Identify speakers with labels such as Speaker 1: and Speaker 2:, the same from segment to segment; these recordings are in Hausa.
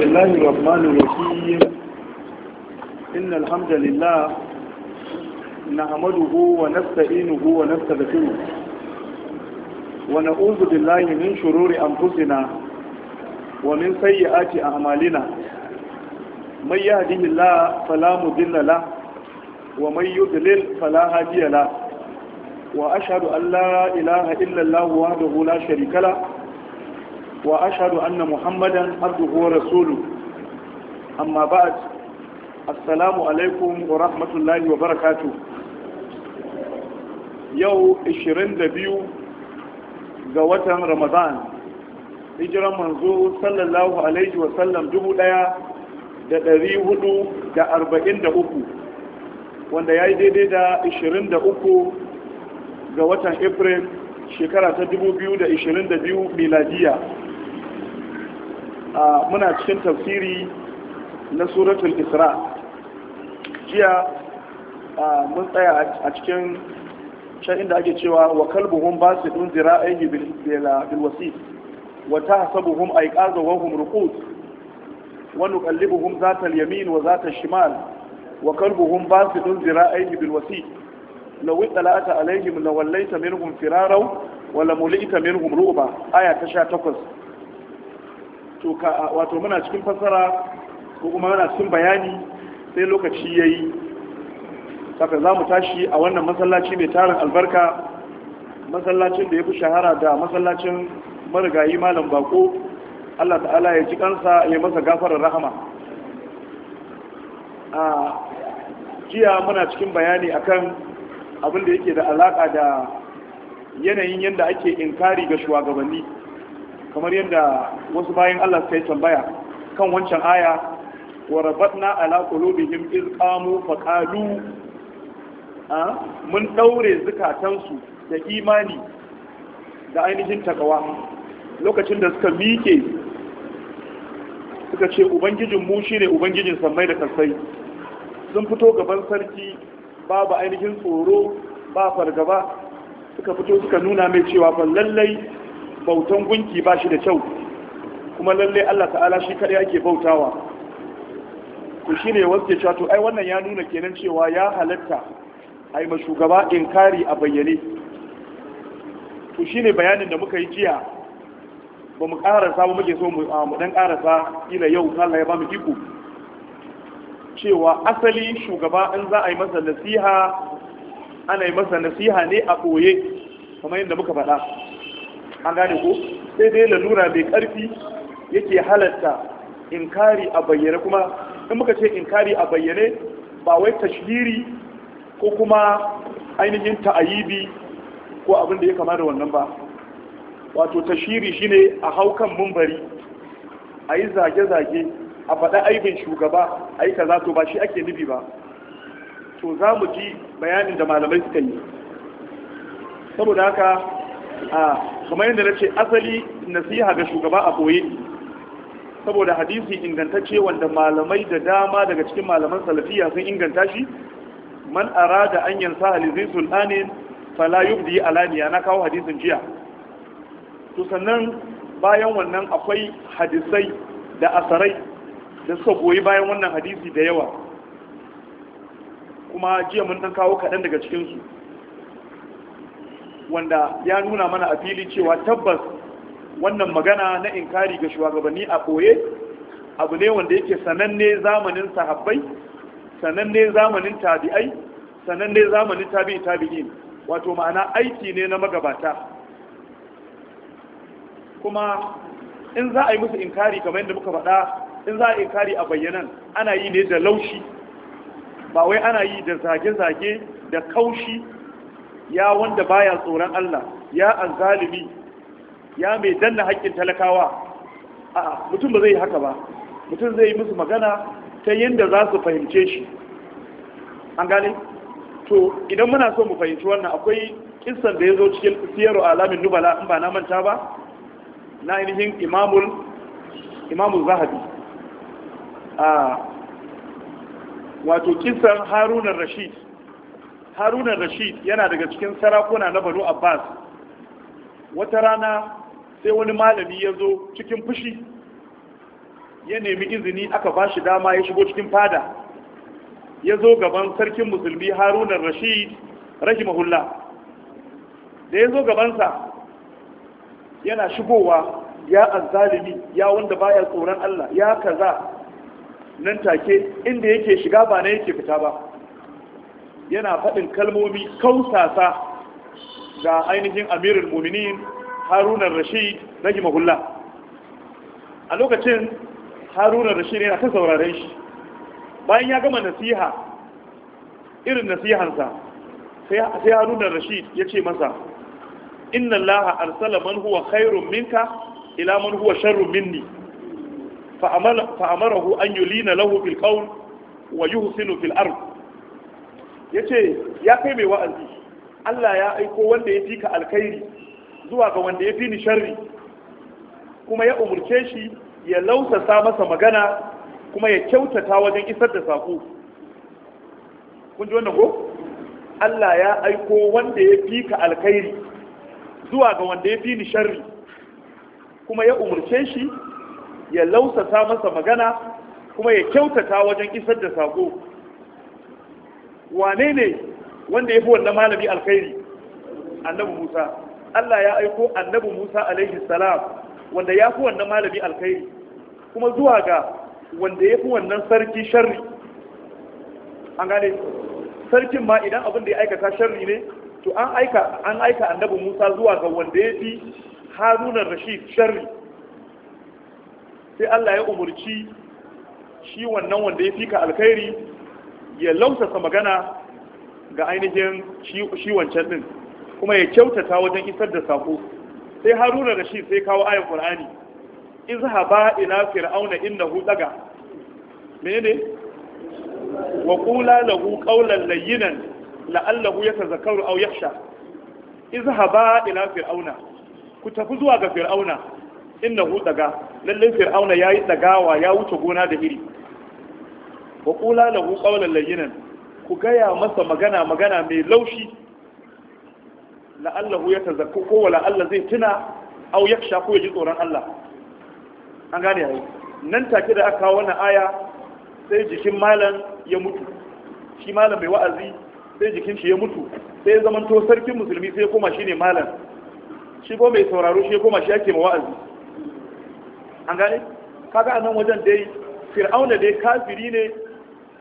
Speaker 1: billahi rahmanu rahim innal hamdalillah nahmaduhu wa nasta'inuhu wa nastaghfiruh wa na'udhu billahi anfusina wa min sayyiati a'malina may yahdihillah fala wa may yudlil fala hadiya la wa وأشهد أن محمدا عبده ورسوله أما بعد السلام wa ورحمة الله وبركاته يو إشرين ga watan رمضان hijiran منظور Sallallahu alaihi wa sallam dubu ليا da ɗari hudu da arba'in da uku wanda ya yi daidai da ishirin da uku ga watan april shekara ta dubu biyu da ishirin da biyu miladiya muna cikin tafsiri na suratul isra jiya mun tsaya a cikin can inda ake cewa wa kalbuhum basidun zira'ihi bil wasit wa tahsabuhum ayqaza wa hum ruqud wa nuqallibuhum zata al yamin wa zata al shimal wa kalbuhum basidun zira'ihi bil wasit law ittala'ata alaihim lawallayta minhum firaraw wa lamulita minhum ruba aya ta 18 to ka wato muna cikin fassara ko kuma muna cikin bayani sai lokaci yayi saka za mu tashi a wannan masallaci mai tarin albarka masallacin da ya fi shahara da masallacin marigayi malam bako Allah ta'ala ya ji kansa ya masa gafarar rahama a jiya muna cikin bayani akan abin da yake da alaka da yanayin yadda ake inkari ga shugabanni kamar yadda wasu bayan Allah sai tambaya kan wancan aya wa rabatna ala qulubihim iz qamu fa qalu ah, mun daure da imani da ainihin takawa lokacin da suka mike suka ce ubangijin mu shine ubangijin sammai da kasai sun fito gaban sarki babu ainihin tsoro ba fargaba suka fito suka nuna mai cewa fa lallai bautan gunki ba shi da kyau kuma lalle Allah ta'ala shi kare ake bautawa to shine wasu cewa to ai wannan ya nuna kenan cewa ya halatta ai ma shugaba inkari a bayyane to shine bayanin da muka yi jiya ba mu karasa ba muke so mu dan karasa ila yau Allah ya ba mu iko cewa asali shugaba in za a yi masa nasiha ana yi masa nasiha ne a ɓoye kamar yadda muka faɗa an gane ko sai dai lalura mai ƙarfi yake halatta inkari a bayyane kuma in muka ce inkari a bayyane ba wai tashiri ko kuma ainihin ta'ayibi ko abin da ya kama da wannan ba wato tashiri shine a haukan mumbari a yi zage-zage a faɗa aibin shugaba a yi kaza to ba shi ake nufi ba to za mu ji bayanin da malamai suka yi saboda haka a kamar yadda na ce asali nasiha ga shugaba a boye saboda hadisi ingantacce wanda malamai da dama daga cikin malaman salafiya sun inganta shi man arada an yansa halizin sultanin fala yubdi alaniya na kawo hadisin jiya to sannan bayan wannan akwai hadisai da asarai da suka goyi bayan wannan hadisi da yawa kuma jiya mun dan kawo kaɗan daga cikinsu wanda ya nuna mana a fili cewa tabbas wannan magana na inkari ga shugabanni a ɓoye abu ne wanda yake sananne zamanin sahabbai sananne zamanin tabi'ai sananne zamanin tabi'i tabi'in wato ma'ana aiki ne na magabata kuma in za a yi musu inkari kamar yadda muka faɗa in za a inkari a bayyanan ana yi ne da laushi ba wai ana yi da zage-zage da kaushi ya wanda baya tsoron Allah ya azzalimi ya mai danna haƙƙin talakawa a mutum ba zai haka ba mutum zai yi musu magana ta yadda za su fahimce shi an gane to idan muna so mu fahimci wannan akwai kisan da ya zo cikin siyaru alamin nubala in ba na manta ba na ainihin imamul imamul zahabi a wato kisan harunan rashid harunan rashid yana daga cikin sarakuna na banu abbas wata rana sai wani malami ya zo cikin fushi ya nemi izini aka ba shi dama ya shigo cikin fada ya zo gaban sarkin musulmi harunan rashid rahimahullah da ya zo gabansa yana shigowa ya azzalimi ya wanda baya tsoron Allah ya kaza nan take inda yake shiga ba na yake fita ba yana faɗin kalmomi kausasa ga ainihin amirul muminin harunan rashid rage mahulla a lokacin harunan rashid yana ta sauraren shi bayan ya gama nasiha irin nasihansa sai harunan rashid ya ce masa inna laha arsala man huwa khairun minka ila man huwa sharrun minni fa'amarahu an yulina lahu fil qawl wa yuhsinu fil ard yace ya kai mai wa'azi Allah ya aiko wanda ya fika alkhairi zuwa ga wanda ya fi ni sharri kuma ya umurce shi ya lausasa masa magana kuma ya kyautata wajen isar da saƙo kun ji wannan ko Allah ya aiko wanda ya fi ka alkhairi zuwa ga wanda ya fi ni sharri kuma ya umurce shi ya lausasa masa magana kuma ya kyautata wajen isar da saƙo wane ne wanda ya fi wannan malami alkhairi annabi Musa Allah ya aiko annabi Musa alaihi salam wanda ya fi wannan malami alkhairi kuma zuwa ga wanda ya fi wannan sarki sharri an gane sarkin ma idan abin da ya aikata sharri ne to an aika an aika annabi Musa zuwa ga wanda ya fi Haruna Rashid sharri sai Allah ya umurci shi wannan wanda ya fika alkhairi ya lausasa magana ga ainihin shi wancan din kuma ya kyautata wajen isar da sako sai haruna da shi sai kawo ayin qur'ani izhaba ila fir'auna innahu daga menene wa qula lahu qawlan layyinan la'allahu yatazakkaru aw yakhsha izhaba ila fir'auna ku tafi zuwa ga fir'auna innahu daga lalle fir'auna yayi dagawa ya wuce gona da iri wa qula lahu qawlan layyinan ku gaya masa magana magana mai laushi la'allahu ya ta zarko ko la'alla zai tuna au yaksha ko ya ji tsoron Allah an gane yayi nan take da aka kawo wannan aya sai jikin malam ya mutu shi malam mai wa'azi sai jikin shi ya mutu sai ya zamanto sarkin musulmi sai ya koma shine malam shi ko mai sauraro shi ya koma shi ake ma wa'azi an gane kaga anan wajen dai fir'auna dai kafiri ne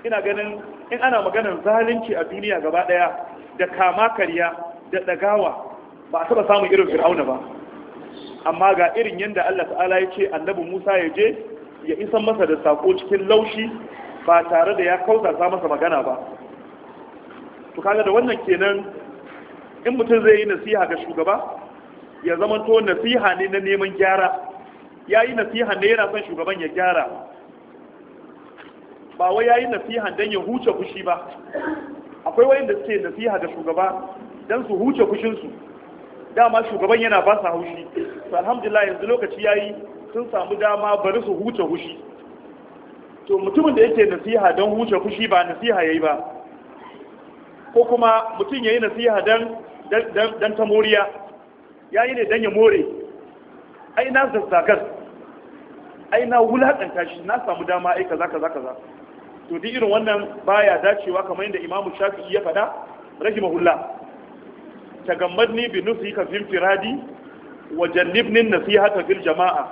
Speaker 1: ina ganin in ana maganar zalunci a duniya gaba daya da kama karya da dagawa ba a saba samun irin fir'auna ba amma ga irin yadda Allah ta'ala ya ce annabi Musa ya je ya isa masa da sako cikin laushi ba tare da ya sa masa magana ba to kaga da wannan kenan in mutum zai yi nasiha ga shugaba ya zamanto nasiha ne na neman gyara ya yi nasiha ne yana son shugaban ya gyara ba wai ya yi nasiha don ya huce fushi ba akwai wayanda suke nasiha ga shugaba don su huce fushinsu dama shugaban yana ba su haushi to alhamdulillah yanzu lokaci ya yi sun samu dama bari su huce kushi. to mutumin da yake nasiha don huce kushi ba nasiha yayi ba ko kuma mutum yayi nasiha don don ta moriya yayi ne don ya more ai na zazzakar ai na wulakanta shi na samu dama ai kaza kaza kaza to duk irin wannan baya dacewa kamar yadda imamu shafi'i ya faɗa rahimahullah tagammadni bi nusika fil firadi wa jannibni nasihata fil jama'a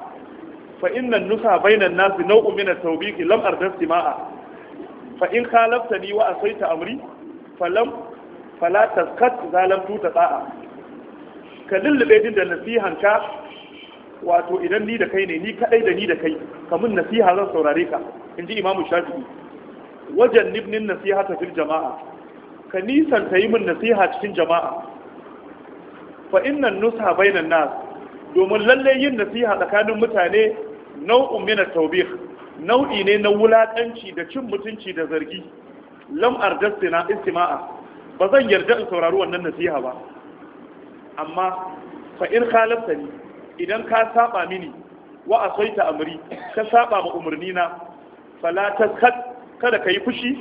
Speaker 1: fa inna nusa bainan nasi nau'u min at-tawbiqi lam arda istima'a fa in khalaftani wa asaita amri falam fala taskat zalam tuta ta'a ka lullube din da nasihanka wato idan ni da kai ne ni kadai da ni da kai kamun nasiha zan saurare ka in ji imamu Shafi. wajen nibnin nasiha ta ka nisan yi min nasiha cikin jama'a fa nusa nusha bainan nas domin lalle yin nasiha tsakanin mutane nau'un min at nau'i ne na wulakanci da cin mutunci da zargi Lam'ar ardastina istima'a ba zan yarda in saurari wannan nasiha ba amma fa in khalaftani idan ka saba mini wa asaita amri ka saba ma umurnina fala taskat kada ka yi fushi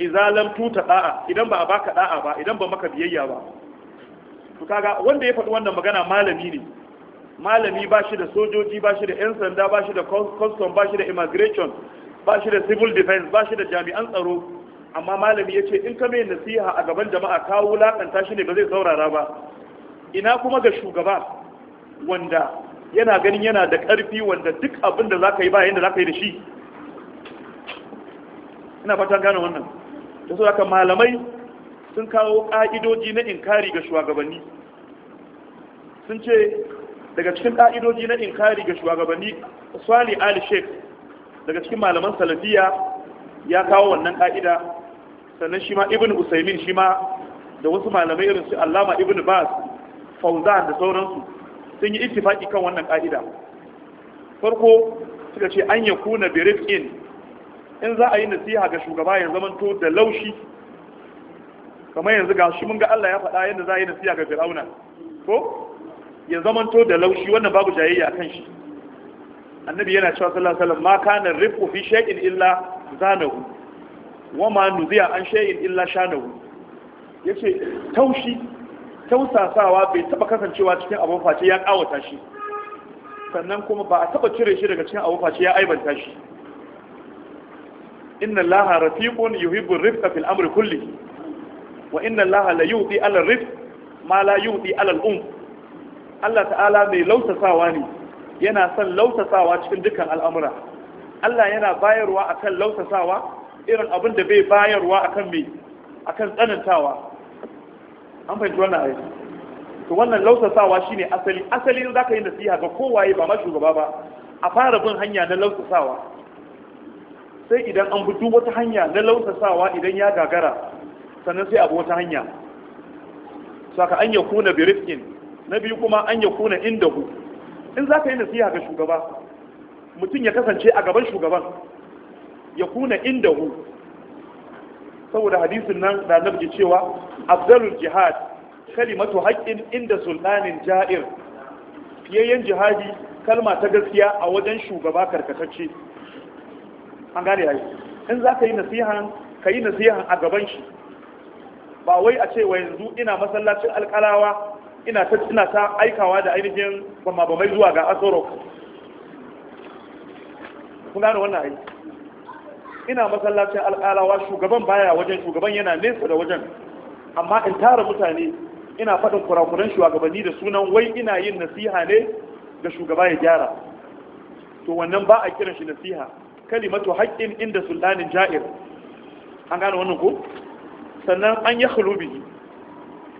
Speaker 1: izalam tuta da'a idan ba a baka da'a ba idan ba maka biyayya ba to kaga wanda ya faɗi wannan magana malami ne malami ba shi da sojoji ba shi da 'yan sanda ba shi da custom ba shi da immigration ba shi da civil defense ba shi da jami'an tsaro amma malami ya ce in ka mai nasiha a gaban jama'a ka wulaƙanta shi ne ba zai saurara ba ina kuma ga shugaba wanda yana ganin yana da ƙarfi wanda duk abin da za ka yi ba yadda za ka yi da shi ina fatan gane wannan da su malamai sun kawo ƙa'idoji na inkari ga shugabanni sun ce daga cikin ƙa'idoji na inkari ga shugabanni swali ali sheik daga cikin malaman salafiya ya kawo wannan ƙa'ida sannan shi ma ibn usaimin shi ma da wasu malamai irin su allama ibn bas fauzan da sauransu sun yi ittifaki kan wannan ƙa'ida farko suka ce an ya kuna in in za a yi nasiha ga shugaba ya zamanto da laushi kamar yanzu ga shi mun ga Allah ya faɗa yadda za a yi nasiya ga fir'auna ko ya zamanto da laushi wannan babu jayayya kan shi annabi yana cewa sallallahu alaihi wasallam ma kana rifu fi shay'in illa zanahu wa ma nuziya an shay'in illa shanahu yace taushi tausasawa bai taba kasancewa cikin abun face ya kawata shi sannan kuma ba a taba cire shi daga cikin abun face ya aibanta shi inna allaha rafiqun yuhibbu rifqa fil amri kullihi wa inna Allah la yu'ti ala rif ma la yu'ti ala al-um Allah ta'ala mai lautasawa ne yana son lautasawa cikin dukkan al'amura Allah yana bayarwa akan lautasawa irin abin da bai bayarwa akan mai akan tsanantawa an fahimci wannan ayi to wannan lautasawa shine asali asali za ka yi nasiha ga kowaye ba ma shugaba ba a fara bin hanya na lautasawa sai idan an bi duk wata hanya na lautasawa idan ya gagara sannan sai abu wata hanya saka an ya kuna birifkin na biyu kuma an ya kuna inda ku in za ka yi nasiha ga shugaba mutum ya kasance a gaban shugaban ya kuna inda ku saboda hadisin nan da nabji cewa afdalul jihad kalimatu haqqin inda sultanin ja'ir fiyayyen jihadi kalma ta gaskiya a wajen shugaba karkatacce an gane yayi in za ka yi nasiha ka yi nasihan a gaban shi ba wai a ce wa yanzu ina masallacin alkalawa ina ta ina ta aikawa da ainihin bamma bamai zuwa ga asoro kun gane wannan ai ina masallacin alkalawa shugaban baya wajen shugaban yana nesa da wajen amma in tara mutane ina faɗin kurakuran shugabanni da sunan wai ina yin nasiha ne ga shugaba ya gyara to wannan ba a kiran shi nasiha kalimatu haƙƙin inda sultanin ja'ir an gane wannan ko sannan an ya khulubi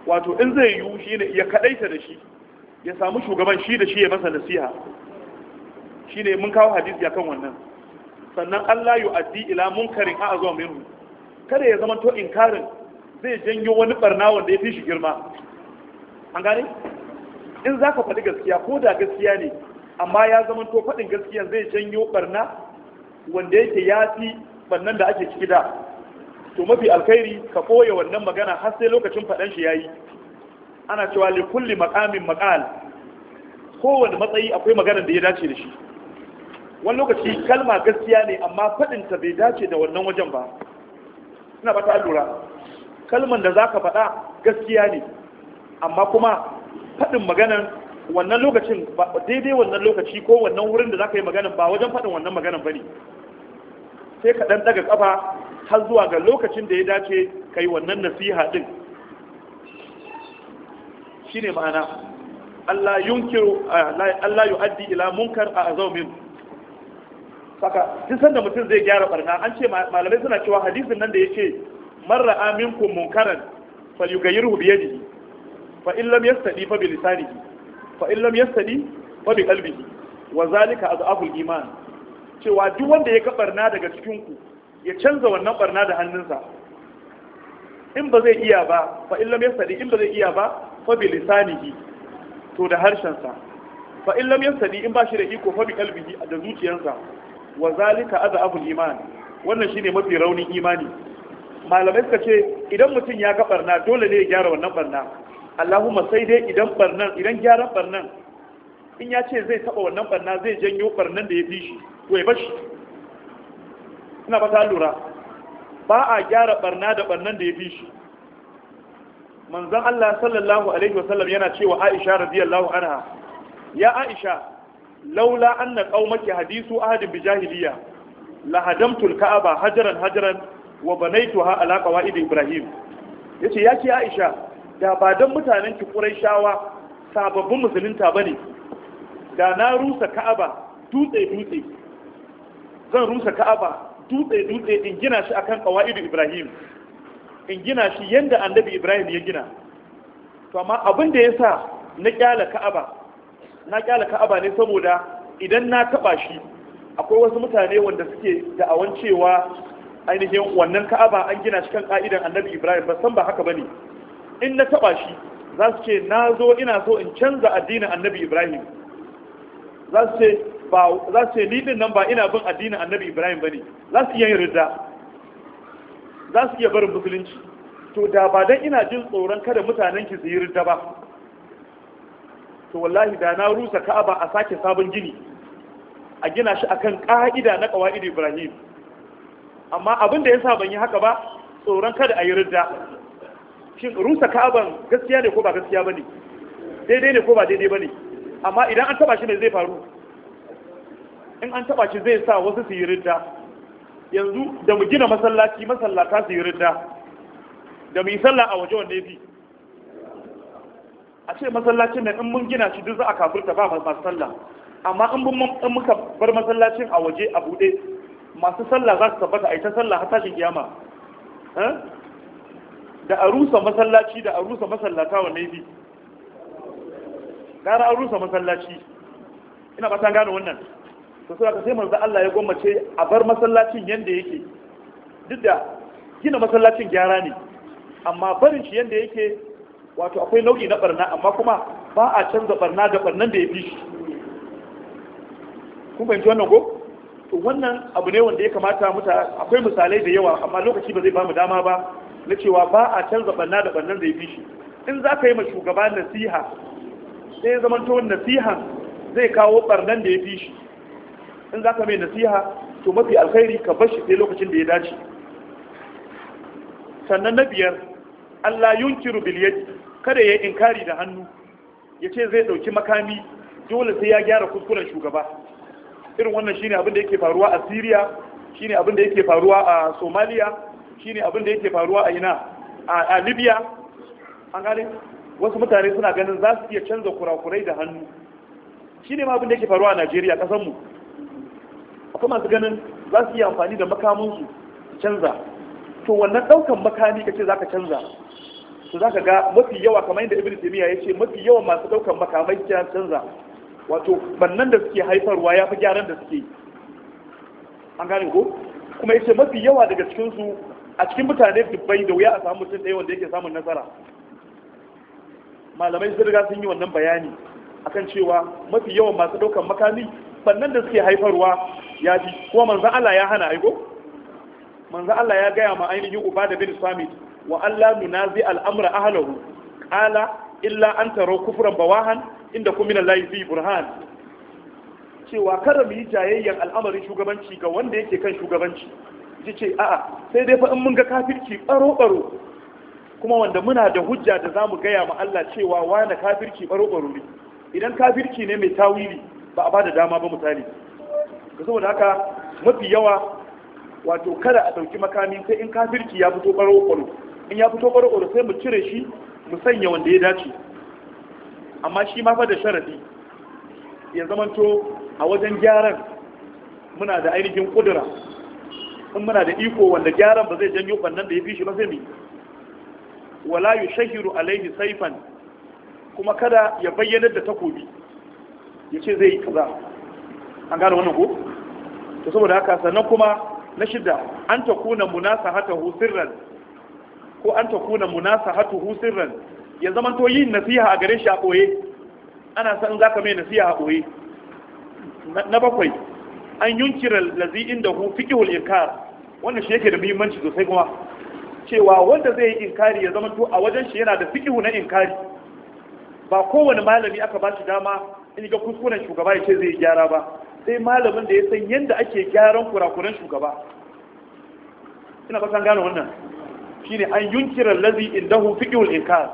Speaker 1: wato in zai yiwu shi ne ya kadaita da shi ya samu shugaban shi da shi ya masa nasiha shi ne mun kawo hadisi akan wannan sannan Allah yi addi ila munkarin a zuwa minhu kada ya zama to inkarin zai janyo wani barna wanda ya fi shi girma an gane in za ka faɗi gaskiya ko da gaskiya ne amma ya zama to faɗin gaskiya zai janyo barna wanda yake ya fi bannan da ake ciki da to mafi alkhairi ka koya wannan magana har sai lokacin faɗan shi yayi ana cewa li kulli maqamin maqal kowane matsayi akwai magana da ya dace da shi wani lokaci kalma gaskiya ne amma faɗinta bai dace da wannan wajen ba ina ba allura, lura kalman da za ka faɗa gaskiya ne amma kuma faɗin maganan wannan lokacin daidai wannan lokaci ko wannan wurin da za ka yi maganan ba wajen faɗin wannan maganan ba ne sai ka dan daga ƙafa har zuwa ga lokacin da ya dace ka yi wannan nasiha ɗin shi ne ma'ana Allah yunkiru Allah yu'addi ila munkar a azaumin saka duk sanda mutum zai gyara barna an ce malamai suna cewa hadisin nan da ya ce marra aminku munkaran falyughayyirhu bi yadihi fa in lam yastadi fa bi lisanihi fa in lam yastadi fa bi qalbihi wa zalika adhafu al-iman cewa duk wanda ya kaɓar na daga cikinku ya canza wannan ɓarna da hannunsa in ba zai iya ba fa in lam yastadi in ba zai iya ba fa bi lisanihi to da harshensa fa in lam yastadi in ba shi da iko fa bi qalbihi da zuciyarsa wa zalika adhafu iman wannan shine mafi raunin imani malamai suka ce idan mutum ya ga barna dole ne ya gyara wannan barna Allahumma sai dai idan barnan idan gyaran barnan in ya ce zai taba wannan barna zai janyo barnan da ya fi shi to bashi ina ba ta lura ba a gyara barna da barnan da ya fi shi manzon Allah sallallahu alaihi wasallam yana cewa Aisha radiyallahu anha ya Aisha laula na qaumaki hadisu ahadin bi jahiliya la kaaba hajaran hajaran wa banaituha ala ibrahim yace ya ce Aisha da ba dan mutanen ki shawa sababbin musulunta bane da na rusa Ka'aba dutse dutse zan rusa ka'aba dutse dutse in gina shi akan qawaidu ibrahim in gina shi yanda annabi ibrahim ya gina to amma abin da yasa na kyala ka'aba na kyala ka'aba ne saboda idan na taba shi akwai wasu mutane wanda suke awan cewa ainihin wannan ka'aba an gina shi kan ka'idan annabi ibrahim ba san ba haka bane in na taba shi za su ce na zo ina so in canza addinin annabi ibrahim za su ce ba za su ce ni din nan ba ina bin addinin annabi ibrahim ba ne za su iya yin ridda za su iya barin musulunci to da ba dan ina jin tsoron kada mutanen ki su yi ridda ba to wallahi da na rusa ka'aba a sake sabon gini a gina shi akan ka'ida na kawaidi ibrahim amma abin da yasa ban yi haka ba tsoron kada a yi ridda shin rusa ka'aban gaskiya ne ko ba gaskiya ba ne? daidai ne ko ba daidai ba ne? amma idan an taba shi ne zai faru in an taba shi zai sa wasu su yi ridda yanzu da mu gina masallaci masallata su yi ridda da mu yi sallah a waje wanda yafi a ce masallacin nan in mun gina shi duk za a kafirta ba masu sallah amma in mun muka bar masallacin a waje a bude masu sallah za su tabbata a ita sallah har tashin kiyama eh? da a rusa masallaci da a rusa masallata wa yafi gara a rusa masallaci ina ba ta gane wannan to sai ka sai manzo Allah ya gwammace a bar masallacin yanda yake duk da gina masallacin gyara ne amma barin shi yanda yake wato akwai nau'i na barna amma kuma ba a canza barna da barnan da ya fi shi kun fahimci wannan ko to wannan abu ne wanda ya kamata muta akwai misalai da yawa amma lokaci ba zai bamu dama ba na cewa ba a canza barna da barnan da ya fi shi in za ka yi ma shugaba nasiha sai zaman to nasihan zai kawo barnan da ya fi shi in za ka mai nasiha to mafi alkhairi ka bar shi sai lokacin da ya dace sannan na biyar Allah yunkiru bil kada ya inkari da hannu ya ce zai ɗauki makami dole sai ya gyara kuskuren shugaba irin wannan shine abin da yake faruwa a Syria shine abin da yake faruwa a Somalia shine abin da yake faruwa a ina a Libya an gane wasu mutane suna ganin za su iya canza kurakurai da hannu shine ma abin da yake faruwa a Najeriya kasanmu. akwai masu ganin za su yi amfani da makamansu su canza to wannan ɗaukan makami ka ce za ka canza to za ka ga mafi yawa kamar yadda ibn taymiya ya ce mafi yawan masu ɗaukan makamai ya canza wato bannan da suke haifarwa ya fi gyaran da suke an gane ko kuma ya ce mafi yawa daga cikinsu a cikin mutane dubbai da wuya a samu mutum ɗaya wanda yake samun nasara malamai sun riga sun yi wannan bayani akan cewa mafi yawan masu ɗaukan makami bannan da suke haifarwa ya ji kuma manzan Allah ya hana aiko manzan Allah ya gaya ma ainihin uba da bin sami wa Allah nunazi al'amra ahlahu qala illa an taro kufran bawahan inda kuma min Allah fi burhan cewa kada mu yi jayayyan al'amarin shugabanci ga wanda yake kan shugabanci ji ce a'a sai dai fa in mun ga kafirci baro baro kuma wanda muna da hujja da zamu gaya ma Allah cewa wani kafirci baro baro ne idan kafirci ne mai tawili ba a ba da dama ba mutane. ga saboda haka mafi yawa wato kada a ɗauki makami sai in kafirci ya fito ɓaro ƙwaro in ya fito ɓaro ƙwaro sai mu cire shi mu sanya wanda ya dace amma shi ma fa da sharadi ya zamanto a wajen gyaran muna da ainihin kudura in muna da iko wanda gyaran ba zai janyo bannan da ya fi shi ba sai mu wala shahiru alaihi saifan kuma kada ya bayyana da takobi ya ce zai yi kaza an gane wannan ku? to saboda haka sannan kuma na shida an ta kuna munasahatahu sirran ko an ta kuna munasahatuhu sirran ya zaman to yin nasiha a gare shi a koye ana san zaka mai nasiha a koye na bakwai an yunkira lazi inda hu fiqhul inkar wannan shi yake da muhimmanci sosai kuma cewa wanda zai yi inkari ya zama to a wajen shi yana da fiqhu na inkari ba kowane malami aka ba shi dama in ga kuskuren shugaba ya ce zai gyara ba sai malamin da ya san yadda ake gyaran kurakuran shugaba ina ba san gane wannan shine an yunkirar lazi indahu fiqhul inkar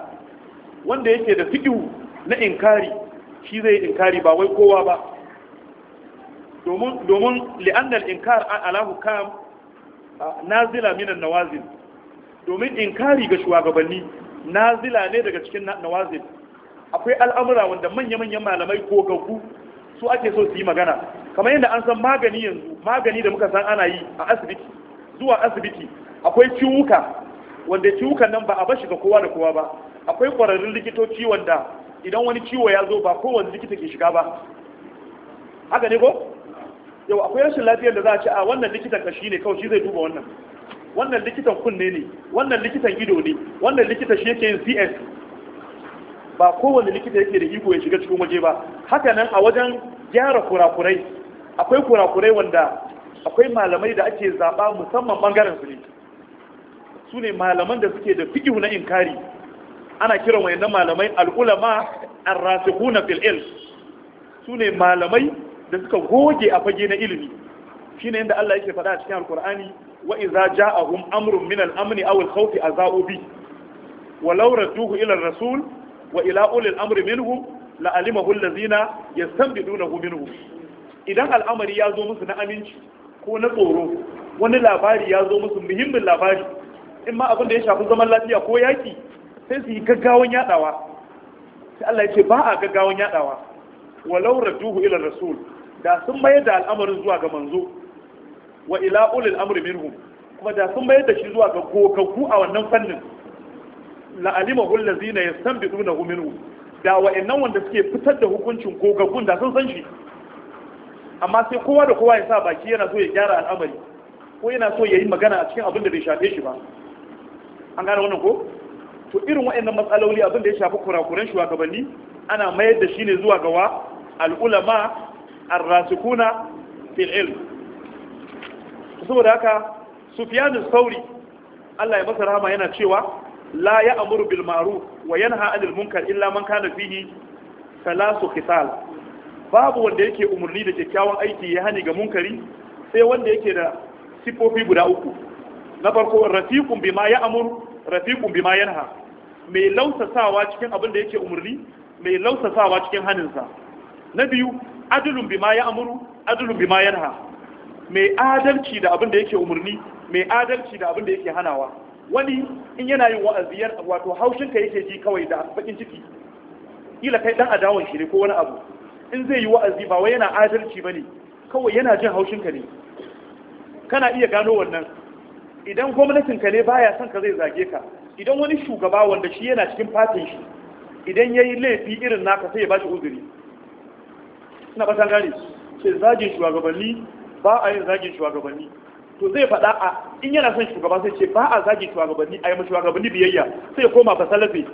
Speaker 1: wanda yake da fiqhu na inkari shi zai yi inkari ba wai kowa ba domin domin li'annal inkar ala na nazila minan nawazin, domin inkari ga shugabanni nazila ne daga cikin nawazin, akwai al'amura wanda manya-manyan malamai ko gaggu su ake so su yi magana kamar yadda an san magani yanzu magani da muka san ana yi a asibiti zuwa asibiti akwai ciwuka wanda ciwukan nan ba a bashi ga kowa da kowa ba akwai kwararrun likitoci wanda idan wani ciwo ya zo ba kowane likita ke shiga ba haka ne ko yau akwai rashin lafiyar da za a ce a wannan likitan kashi ne kawai shi zai duba wannan wannan likitan kunne ne wannan likitan ido ne wannan likita shi yake yin cs ba kowane likita yake da iko ya shiga cikin waje ba haka nan a wajen gyara kurakurai akwai kurakurai wanda akwai malamai da ake zaba musamman bangaren su ne su ne malaman da suke da fiƙihu na inkari ana kiran wayannan malamai al'ulama ar-rasikhuna fil ilm su ne malamai da suka goge a fage na ilimi shine inda Allah yake faɗa a cikin alkur'ani wa idza ja'ahum amrun min al-amni aw al-khawfi azaubi bi wa law radduhu ila ar-rasul wa ila ulil amri minhum la alimahu allazina yastanbidunahu minhum idan al'amari ya zo musu na aminci ko na tsoro wani labari ya zo musu muhimmin labari in ma abin da ya shafi zaman lafiya ko yaki sai su yi gaggawan yadawa sai Allah ya ce ba a gaggawan yadawa walau raduhu ila rasul da sun mayar da al'amarin zuwa ga manzo wa ila ulil amri minhum kuma da sun mayar da shi zuwa ga gokaku a wannan fannin la'alimahu allazina yastanbidunahu minhu da wa'annan wanda suke fitar da hukuncin gogaggun da sun san shi amma sai kowa da kowa ya sa baki yana so ya gyara al'amari ko yana so ya yi magana a cikin abin da bai shafe shi ba an gane wannan ko to irin wa'annan matsaloli abin da ya shafi kurakuran shugabanni ana mayar da shi ne zuwa gawa al'ulama arrasikuna fil ilm saboda haka sufyanu sauri Allah ya masa rahama yana cewa la ya amuru bil ma'ruf wa yanha 'anil munkar illa man kana fihi salasu khital babu wanda yake umarni da kyakkyawan aiki ya hani ga munkari sai wanda yake da sifofi guda uku na farko rafiqun bima ya amuru rafiqun bima yanha mai lausasawa cikin abin da yake umarni, mai lausasawa cikin haninsa na biyu adalun bima ya amuru adalun bima yanha mai adalci da abin da yake umarni, mai adalci da abin da yake hanawa wani in yana yin wa'aziyar wato haushin ka yake ji kawai da bakin ciki kila kai dan adawan shi ne ko wani abu in zai yi wa'azi ba wai yana adalci bane kawai yana jin haushin ka ne kana iya gano wannan idan gwamnatin ka ne baya son ka zai zage ka idan wani shugaba wanda shi yana cikin fatin shi idan yayi laifi irin naka sai ya ba shi uzuri ina ba ta gane sai zagin shugabanni ba a yin zagin shugabanni to zai faɗa a in yana son shugaba sai ce ba a zagi shugabanni a yi mu shugabanni biyayya sai ya koma fasalafi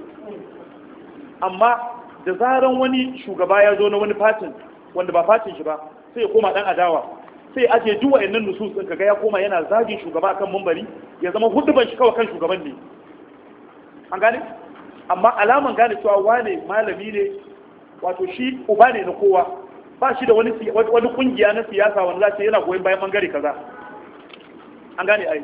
Speaker 1: amma da zaran wani shugaba ya zo na wani fatin wanda ba fatin shi ba sai ya koma dan adawa sai aje duk wayannan nusus din kaga ya koma yana zagin shugaba kan mumbari ya zama huduban shi kawai kan shugaban ne an gane amma alaman gane cewa wane malami ne wato shi uba ne na kowa ba shi da wani wani kungiya na siyasa wanda za yana goyon bayan bangare kaza an gane ai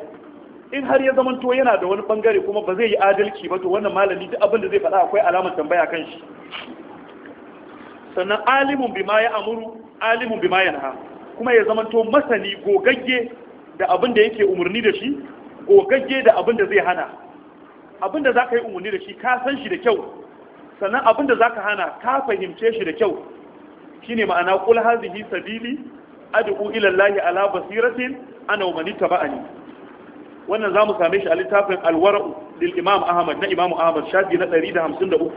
Speaker 1: in har ya zamanto yana da wani bangare kuma ba zai yi adalci ba to wannan malami duk abin da zai faɗa akwai alamar tambaya kan shi sannan alimun bima ya amuru alimun bima ya naha kuma ya zamanto masani gogagge da abin da yake umarni da shi gogagge da abin da zai hana abin da za ka yi umarni da shi ka san shi da kyau sannan abin da za ka hana ka fahimce shi da kyau shine ma'ana kul hazihi sabili ad'u ila Allah ala basiratin ana wa man taba'ani wannan zamu same shi a littafin al-wara'u lil Imam Ahmad na Imam Ahmad shafi na 153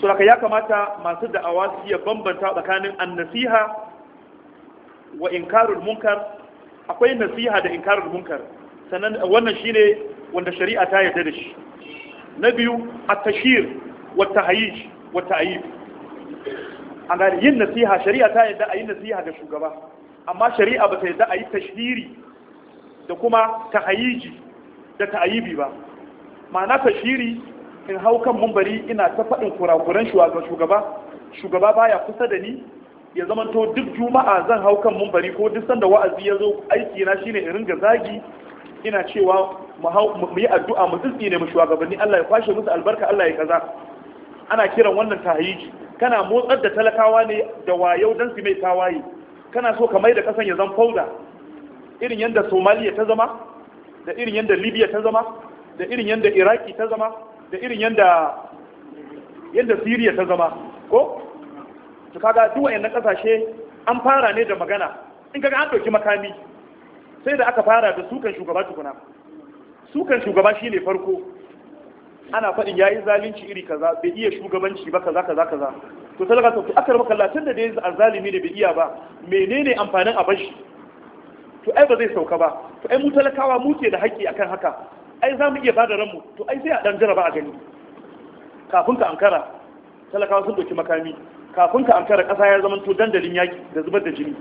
Speaker 1: so ya kamata masu da'awa su ya bambanta tsakanin an-nasiha wa inkarul munkar akwai nasiha da inkarul munkar sannan wannan shine wanda shari'a ta yarda da shi na biyu at tashir wa at wa at an gane yin nasiha shari'a ta yadda a yi nasiha ga shugaba amma shari'a ba ta yadda a yi tashiri da kuma hayiji da ayibi ba ma'ana tashiri in hau kan mumbari ina ta faɗin kurakuran shugaba shugaba baya kusa da ni ya zama to duk juma'a zan hau kan mumbari ko duk sanda wa'azi ya zo aiki na shine in ringa zagi ina cewa mu yi addu'a mu tsitsi ne mu shugabanni Allah ya kwashe musu albarka Allah ya kaza ana kiran wannan tahiji kana motsar da talakawa ne da wayau don su mai tawaye kana so ka mai da kasan ya zan fauda irin yadda somaliya ta zama da irin yadda libya ta zama da irin yadda iraki ta zama da irin yadda yadda siriya ta zama ko su kaga duk wayannan kasashe an fara ne da magana in kaga an ɗauki makami sai da aka fara da sukan shugaba tukuna sukan shugaba shine farko ana faɗin yi zalunci iri kaza bai iya shugabanci ba kaza kaza kaza to talaka to akar maka latin da dai zalimi ne bai iya ba menene amfanin a bashi to ai ba zai sauka ba to ai mu talakawa mu ke da haƙƙi akan haka ai za mu iya bada ranmu to ai sai a dan jaraba a gani kafin ka ankara talakawa sun ɗauki makami kafin ka ankara ƙasa ya zama to dandalin yaƙi da zubar da jini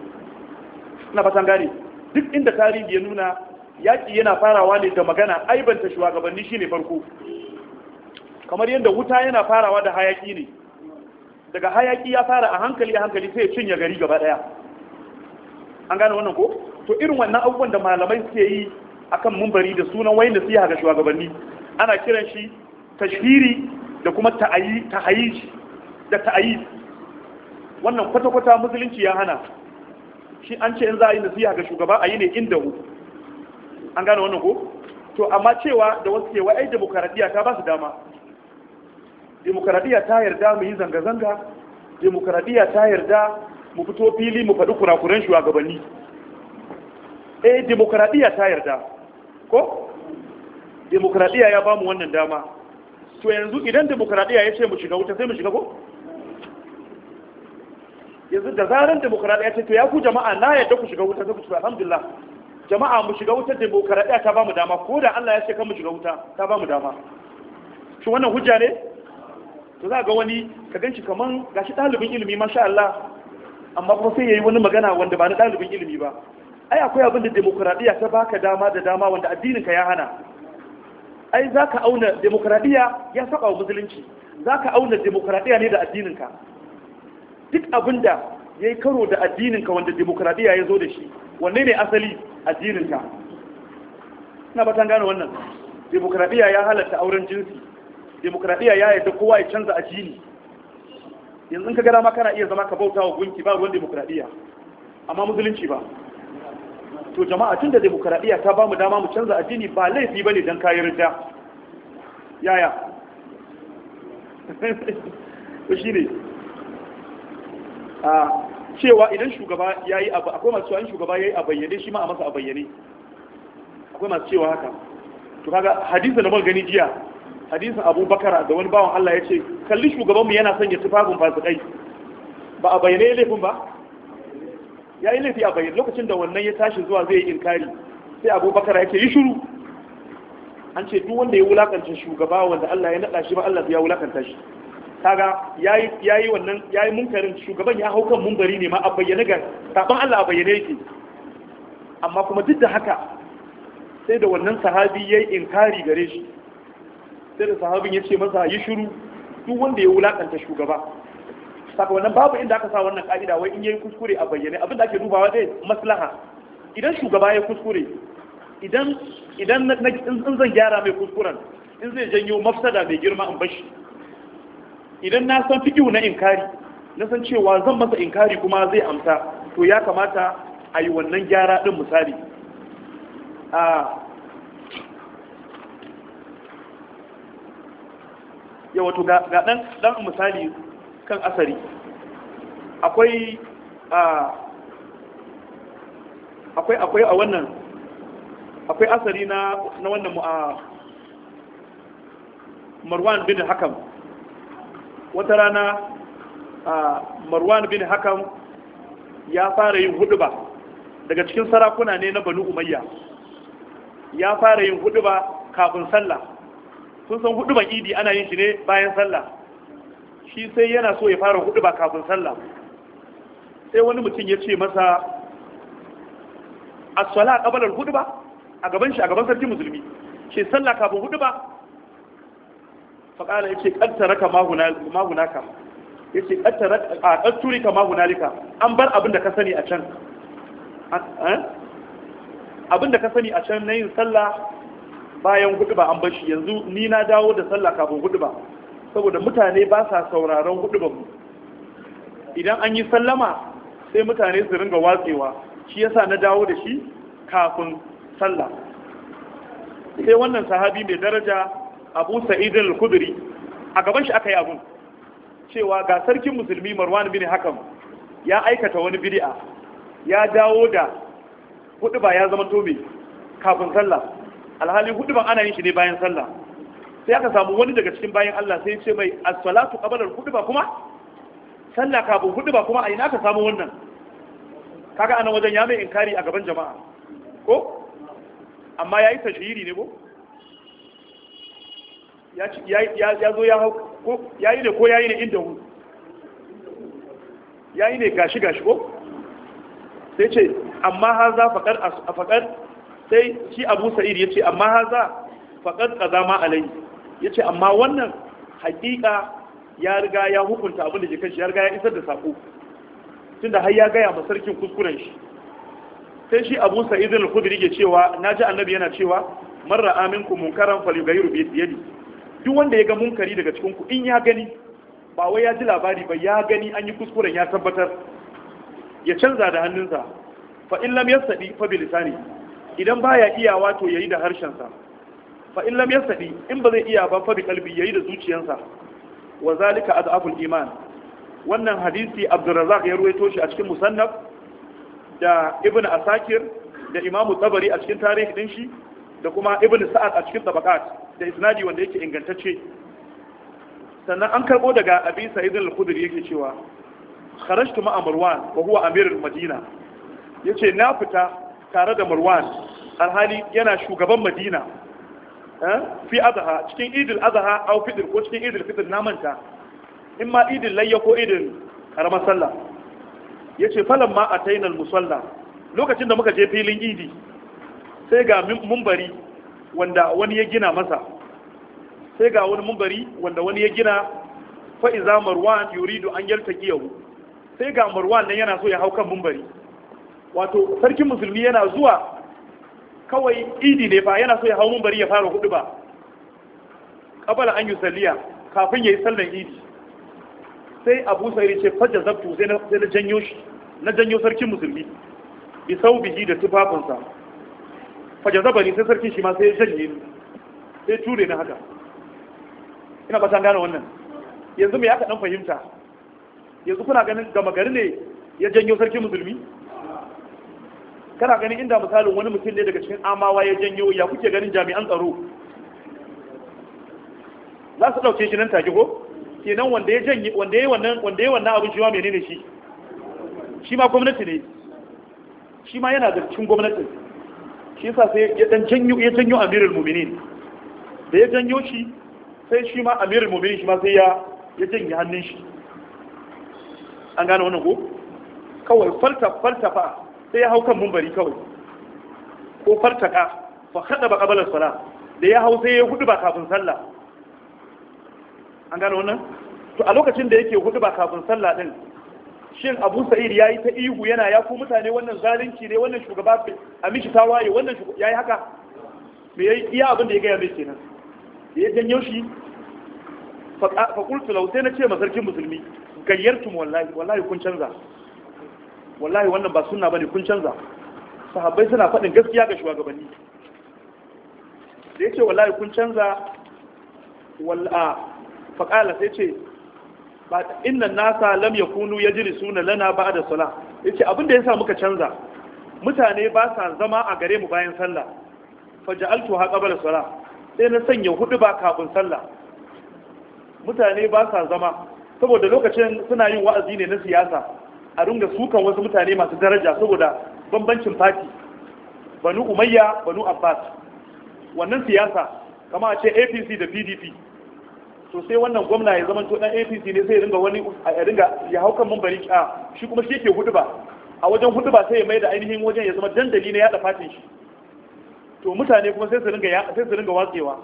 Speaker 1: na fatan gane duk inda tarihi ya nuna yaƙi yana farawa ne da magana aibanta shugabanni shine farko kamar yadda wuta yana farawa da hayaki ne daga hayaki ya fara a hankali a hankali sai ya cinye gari gaba daya an gane wannan ko to irin wannan abubuwan da malamai suke yi akan mumbari da sunan wai da siya ga shugabanni ana kiran shi tashiri da kuma ta'ayi ta'ayi da ta'ayi wannan kwata-kwata musulunci ya hana shi an ce in za a yi nasiha ga shugaba a yi ne inda hu an gane wannan ko to amma cewa da wasu ke wa'ai demokaradiyya ta ba su dama demokaradiyya ta yarda mu yi zanga-zanga demokaradiyya ta yarda mu fito fili mu faɗi kurakuran shugabanni eh demokaradiyya ta yarda ko demokaradiyya ya bamu wannan dama to yanzu idan demokaradiyya ya ce mu shiga wuta sai mu shiga ko yanzu da zaran demokaradiyya ce to ya ku jama'a na yadda ku shiga wuta sai ku shiga alhamdulillah jama'a mu shiga wuta demokaradiyya ta bamu dama ko da Allah ya ce kan mu shiga wuta ta bamu dama shi wannan hujja ne to za ga wani ka ganci kaman gashi ɗalibin ilimi masha Allah amma kuma sai yayi wani magana wanda ba na ɗalibin ilimi ba ai akwai abin da demokradiya ta baka dama da dama wanda addinin ka ya hana ai za auna demokradiya ya saba wa musulunci zaka auna demokradiya ne da addinin ka duk abin da ya karo da addinin ka wanda demokradiya ya zo da shi wanne ne asali addinin ka ina ba gane wannan demokradiya ya halatta auren jinsi demokradiyya ya yarda kowa ya canza jini yanzu ka gada ma kana iya zama ka bauta wa gunki ba ruwan demokradiyya amma musulunci ba to jama'a tun da demokradiyya ta bamu dama mu canza jini ba laifi ba ne don kayi rida yaya to shine a cewa idan shugaba yi abu akwai masu cewa in shugaba yayi a bayyane shi ma a masa a bayyane akwai masu cewa haka to kaga hadisi na muka gani jiya hadisin abu bakara da wani bawan Allah ya ce kalli shugabanmu yana sanya tufafin fasikai ba a bayyane laifin ba ya yi laifi a bayyane lokacin da wannan ya tashi zuwa zai yi inkari sai abu bakara ya ce yi shiru an ce duk wanda ya wulakanta shugaba wanda Allah ya naɗa shi ba Allah ya wulakanta shi kaga yayi yayi wannan yayi munkarin shugaban ya hau kan munbari ne ma a bayyane ga saban Allah a bayyane yake amma kuma duk da haka sai da wannan sahabi yayi inkari gare shi sai da sahabin ya ce masa yi shiru duk wanda ya wulakanta shugaba saka wannan babu inda aka sa wannan ka'ida wai in yayi kuskure a bayyane abin da ake dubawa dai maslaha idan shugaba ya kuskure idan idan na in zan gyara mai kuskuren in zai janyo mafsada mai girma in bashi idan na san fikihu na inkari na san cewa zan masa inkari kuma zai amsa to ya kamata a yi wannan gyara din misali a ah, ya wato ga ɗan misali kan asari akwai akwai akwai a wannan akwai asari na na wannan a marwan bin hakam wata rana marwan bin hakam ya fara yin huduba daga cikin sarakuna ne na banu umayya ya fara yin huduba kafin sallah sun san hudu ban idi ana yin shi ne bayan sallah shi sai yana so ya fara hudu ba kafin sallah sai wani mutum ya ce masa as-sala a al-hudu ba a gaban shi a gaban sarki musulmi ce sallah kafin hudu ba faƙala ya ce ƙattara ka mahunaka ya ce ƙatturi ka mahunalika an bar abin da ka sani a can eh? abin da ka sani a can na yin sallah bayan hudu ba an bar shi yanzu ni na dawo da sallah kafin hudu ba saboda mutane ba sa sauraron hudu ba idan an yi sallama sai mutane su ringa watsewa shi yasa na dawo da shi kafin sallah sai wannan sahabi mai daraja abu sa'id al-khudri a gaban shi aka yi abun cewa ga sarkin musulmi marwan bin hakam ya aikata wani bid'a ya dawo da hudu ba ya zama tobe kafin sallah alhali hudu ba ana yin shi ne bayan sallah sai aka samu wani daga cikin bayan Allah sai ce mai as-salatu qabla hudu ba kuma sallah kafin hudu ba kuma a ina ka samu wannan kaga anan wajen ya mai inkari a gaban jama'a ko amma yayi tashhiri ne ko ya zo ya ko yayi ne ko yayi ne inda hu yayi ne gashi gashi ko sai ce amma har za faqar a sai shi abu sa'id ya ce amma haza faƙad ƙaza alai ya ce amma wannan haƙiƙa ya riga ya hukunta abin da jikin shi ya riga ya isar da saƙo tunda har ya gaya ma sarkin kuskuren shi sai shi abu sa'id al-khudri ya cewa ji annabi yana cewa man aminku minkum munkaran falyughayyiru bi duk wanda ya ga munkari daga cikin ku in ya gani ba wai ya ji labari ba ya gani an yi kuskuren ya tabbatar ya canza da hannunsa fa in lam yastadi fa bi lisani idan ba baya iyawa to yi da harshensa fa in lam yasadi in ba zai iya ba fa bi ya yayi da zuciyarsa wa zalika adhaful iman wannan hadisi Abdurrazzaq ya ruwaito shi a cikin musannaf da ibnu Asakir da imamu Tabari a cikin tarihi din shi da kuma ibnu Sa'ad a cikin tabaqat da isnadi wanda yake ingantacce sannan an karbo daga Abi Sa'id al-Khudri yake cewa kharajtu ma'a Marwan wa huwa amirul Madina yace na fita tare da marwan alhali yana shugaban madina eh, fi azaha cikin idil azaha au fitr ko cikin idil fitr na manta in ma idil layya ko idil karamar sallah ya ce falon ma a tainal musalla lokacin da muka je filin idi sai ga mumbari wanda wani ya gina masa sai ga wani mumbari wanda wani ya gina fa'iza marwan yuridu an yalta sai ga marwan nan yana so ya hau kan mumbari wato sarkin musulmi yana zuwa kawai idi ne fa yana so ya hau mun bari ya fara hudu ba kabala an yi salliya kafin ya yi sallan idi sai abu sai ce fajar zabtu sai na janyo shi na janyo sarkin musulmi bi sau bihi da tufafinsa fajar Zabari sai sarkin shi ma sai ya janye ni sai ture na haka ina ba ta gane wannan yanzu me aka dan fahimta yanzu kuna ganin gama gari ne ya janyo sarkin musulmi kana ganin inda misalin wani mutum ne daga cikin amawa ya janyo ya kuke ganin jami'an tsaro za su ɗauke shi nan take ko kenan wanda ya janye wanda ya wannan wanda ya wannan abin shiwa menene shi shi ma gwamnati ne shi ma yana da cikin gwamnati shi yasa sai ya dan janyo ya janyo amirul mu'minin da ya janyo shi sai shi ma amirul mu'minin shi ma sai ya ya janye hannun shi an gane wannan ko kawai falta falta fa sai ya hau kan mumbari kawai ko fartaka fa kada ba qabala sala da ya hau sai ya hudu ba kafin sallah an gano wannan to a lokacin da yake hudu ba kafin sallah din shin abu sa'id ya yi ta ihu yana ya ku mutane wannan zalunci ne wannan shugaba a miki ta waye wannan ya yi haka me ya yi iya abin da ya gaya mai kenan da ya janyo shi fakultu lau sai na ce ma sarkin musulmi gayyartum wallahi wallahi kun canza wallahi wannan ba suna bane kun canza sahabbai suna faɗin gaskiya ga shugabanni da ce wallahi kun canza walla faqala sai ce ba inna nasa lam yakunu yajlisuna lana ba'da salah yace abin da yasa muka canza mutane ba sa zama a gare mu bayan sallah faj'altu ha qabl salah sai na sanya hudu ba kafin sallah mutane ba sa zama saboda lokacin suna yin wa'azi ne na siyasa a ringa sukan wasu mutane masu daraja saboda bambancin fati banu umayya banu abbas wannan siyasa kama a ce apc da pdp to sai wannan gwamna ya zama to dan apc ne sai ya ringa wani ya ringa ya hau kan mambari a shi kuma shi ke huduba a wajen huduba sai ya mai da ainihin wajen ya zama dandali na yada fatin shi to mutane kuma sai su ringa sai su ringa watsewa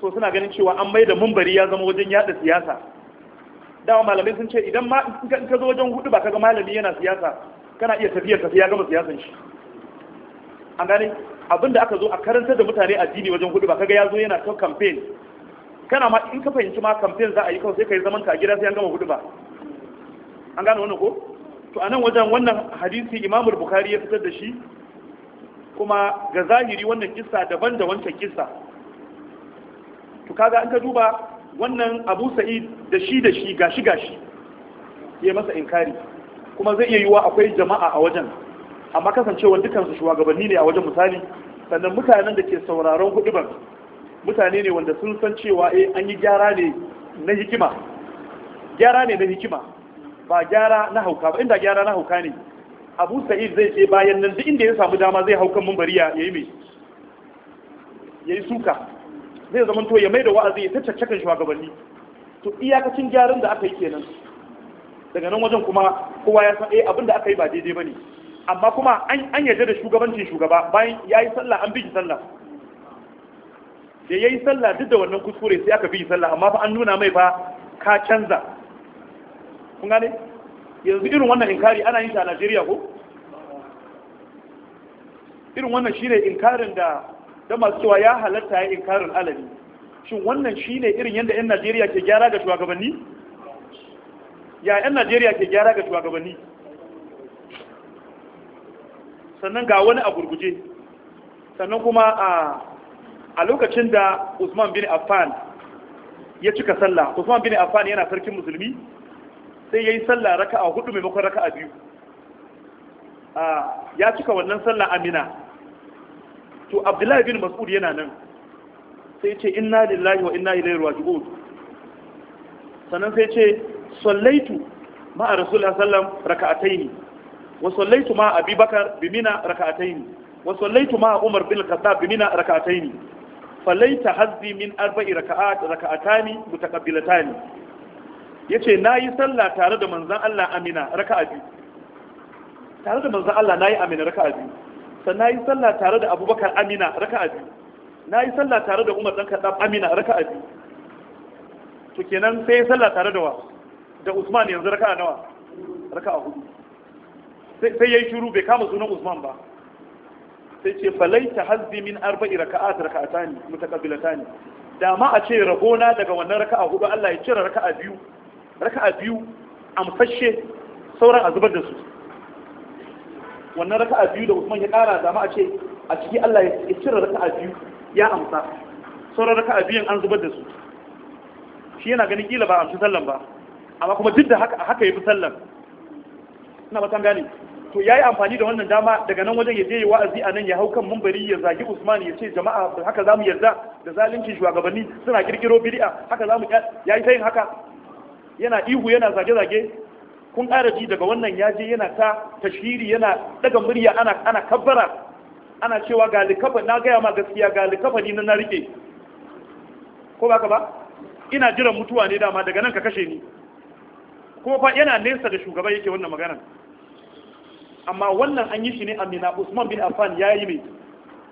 Speaker 1: to suna ganin cewa an mai da mambari ya zama wajen yada siyasa dawa malamai sun ce idan ma in ka zo wajen hudu ba kaga malami yana siyasa kana iya tafiyar tafi ya gama siyasan shi an gane abinda aka zo a karantar da mutane addini wajen hudu ba kaga ya zo yana ta campaign kana ma in ka fahimci ma campaign za a yi kawai sai ka yi zaman ka gida sai an gama hudu ba an gane wannan ko to anan wajen wannan hadisi imamu bukhari ya fitar da shi kuma ga zahiri wannan kissa daban da wancan kissa to kaga an ka duba wannan abu sa'id da shi da shi gashi gashi ya masa inkari kuma zai iya yiwuwa akwai jama'a a wajen amma kasancewa dukansu shugabanni ne a wajen misali sannan mutanen da ke sauraron hudubar mutane ne wanda sun san cewa eh an yi gyara ne na hikima gyara ne na hikima ba gyara na hauka ba inda gyara na hauka ne abu sa'id zai ce bayan nan duk inda ya samu dama zai haukan mun ya ya yi suka zai zama to ya mai da wa'azi ya kan shugabanni to iyakacin gyaran da aka yi kenan daga nan wajen kuma kowa ya san eh abinda aka yi ba daidai bane amma kuma an an yarda da shugabancin shugaba bayan yayi sallah an bi sallah da yayi sallah duk da wannan kuskure sai aka bi sallah amma fa an nuna mai fa ka canza kun gane yanzu irin wannan inkari ana yin shi a Najeriya ko irin wannan shine inkarin da da masu cewa ya halatta ya inkarin alali shin wannan shi ne irin yadda 'yan najeriya ke gyara ga shugabanni ya 'yan najeriya ke gyara ga shugabanni sannan ga wani a gurguje sannan kuma a lokacin da usman bin affan ya cika sallah usman bin affan yana sarkin musulmi sai ya yi sallah raka a hudu maimakon raka a biyu ya cika wannan sallah amina to abdullahi bin mas'ud yana nan sai ce inna lillahi wa inna ilaihi raji'un sannan sai ce sallaitu ma'a rasulullah sallam raka'ataini wa sallaitu ma'a abubakar bimina raka'ataini wa sallaitu ma'a umar bin al-khattab bimina raka'ataini falaita hazzi min arba'i raka'at raka'atani mutaqabbilatani yace nayi sallah tare da manzon Allah amina raka'a biyu tare da manzon Allah nayi amina raka'a biyu sannan yi sallah tare da abubakar amina raka a biyu na yi sallah tare da umar ɗan kaɗan amina raka a biyu to kenan sai yi sallah tare da wa da usman yanzu raka a nawa Raka a hudu sai ya yi shuru bai kama sunan usman ba sai ce falai ta hazbi min arba'i raka'at raka'ata ne mutakabilata ne da ma a ce ragona daga wannan raka a hudu Allah ya cire raka a biyu Raka a biyu amfashe sauran a zubar da su wannan raka'a biyu da Usman ya kara dama a ce a ciki Allah ya cire raka'a biyu ya amsa sauran raka'a biyun an zubar da su shi yana ganin kila ba a amsa sallan ba amma kuma duk da haka haka yafi sallan ina ba gane to yayi amfani da wannan dama daga nan wajen ya je yi wa'azi a nan ya hau kan mumbari ya zagi Usman ya ce jama'a haka zamu yarda da zalunci shugabanni suna kirkiro bid'a haka zamu yayi yin haka yana ihu yana zage-zage kun ƙara ji daga wannan ya je yana ta tashiri yana daga murya ana ana kabbara ana cewa ga likafa na gaya ma gaskiya ga likafa ni na rike ko baka ba ina jiran mutuwa ne dama daga nan ka kashe ni ko fa yana nesa da shugaba yake wannan maganar amma wannan an yi shi ne amina usman bin affan ya yi mai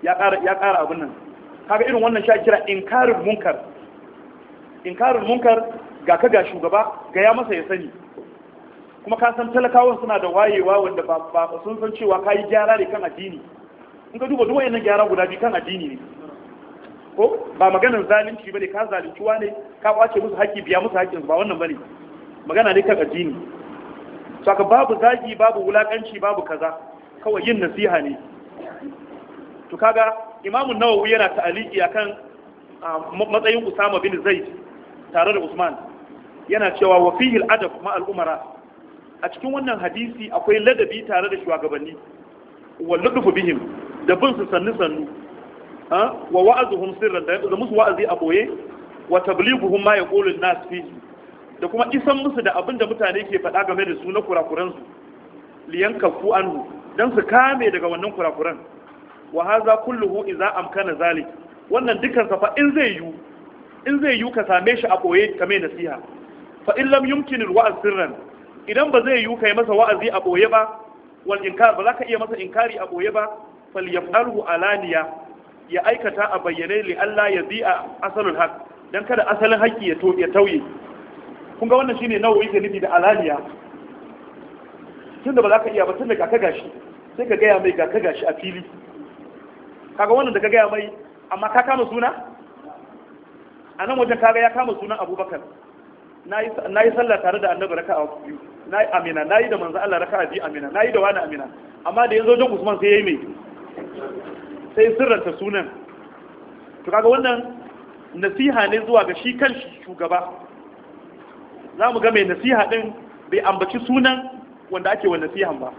Speaker 1: ya ƙara abin nan kaga irin wannan sha kira inkarin munkar inkarin munkar ga ka ga shugaba ga ya masa ya sani kuma ka san talakawan suna da wayewa wanda ba ba sun san cewa ka yi gyara ne kan addini in ka duba duk wayannan gyara guda biyu kan addini ne ko ba maganar zalunci bane ka zalunci ne? ka kwace musu haƙƙi biya musu haƙƙin ba wannan bane magana ne kan addini saka babu zagi babu wulakanci babu kaza kawai yin nasiha ne to kaga imamun nawawi yana ta'aliki akan matsayin usama bin zaid tare da usman yana cewa wa fihi al-adab ma al-umara a cikin wannan hadisi akwai ladabi tare da shugabanni walludufu bihim da bin su sannu sannu wa wa'azuhum sirran da musu wa'azi a boye wa tablighuhum ma yaqulu an-nas fihi da kuma isan musu da abin da mutane ke faɗa game da su na kurakuran su liyan kafu anhu dan su kame daga wannan kurakuran wa hadha kulluhu idza amkana zalik wannan dukan sa fa in zai yu in zai yu ka same shi a boye kame nasiha fa in lam yumkinu al sirran idan ba zai yiwu kai masa wa'azi a ɓoye ba wal inkar ba za ka iya masa inkari a ɓoye ba fal yaf'alhu alaniya ya aikata a bayyane li Allah ya a asalin haq dan kada asalin haƙi ya ya tauye kun ga wannan shine nawawi ke nufi da alaniya tunda ba za ka iya ba tunda ga ka gashi sai ka gaya mai ga ka gashi a fili kaga wannan da ka gaya mai amma ka kama suna a nan wajen kaga ya kama sunan abubakar na yi sallah tare da annabi raka'a biyu na yi amina na yi da manzo Allah raka'a biyu amina na yi da wani amina amma da yanzu jin Usman sai ya yi mai sai sirranta sunan to kaga wannan nasiha ne zuwa ga shi kan shugaba za mu ga mai nasiha din bai ambaci sunan wanda ake wa nasihan ba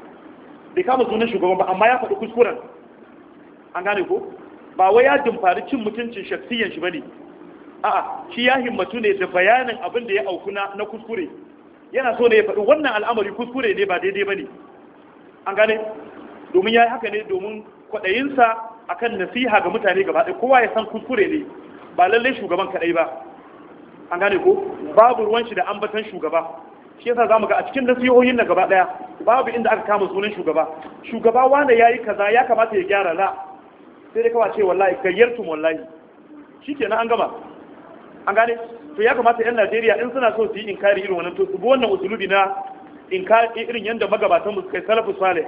Speaker 1: bai kama sunan shugaban ba amma ya faɗi kuskuren an gane ko ba wai ya dimfari cin mutuncin shaksiyan shi bane a'a shi ya himmatu ne da bayanin abin da ya auku na kuskure yana so ne ya faɗi wannan al'amari kuskure ne ba daidai ba ne an gane domin ya yi haka ne domin kwaɗayinsa akan nasiha ga mutane gaba ɗaya kowa ya san kuskure ne ba lallai shugaban kaɗai ba an gane ko babu ruwan shi da an ambatan shugaba shi yasa zamu ga a cikin nasihohin na gaba ɗaya babu inda aka kama sunan shugaba shugaba wanda yi kaza ya kamata ya gyara la sai dai kawace wallahi gayyartum wallahi shikenan an gama an gane to ya kamata yan Najeriya in suna so su yi inkari irin wannan to su bi wannan usulubi na inkari irin yanda magabatan mu kai salafu salih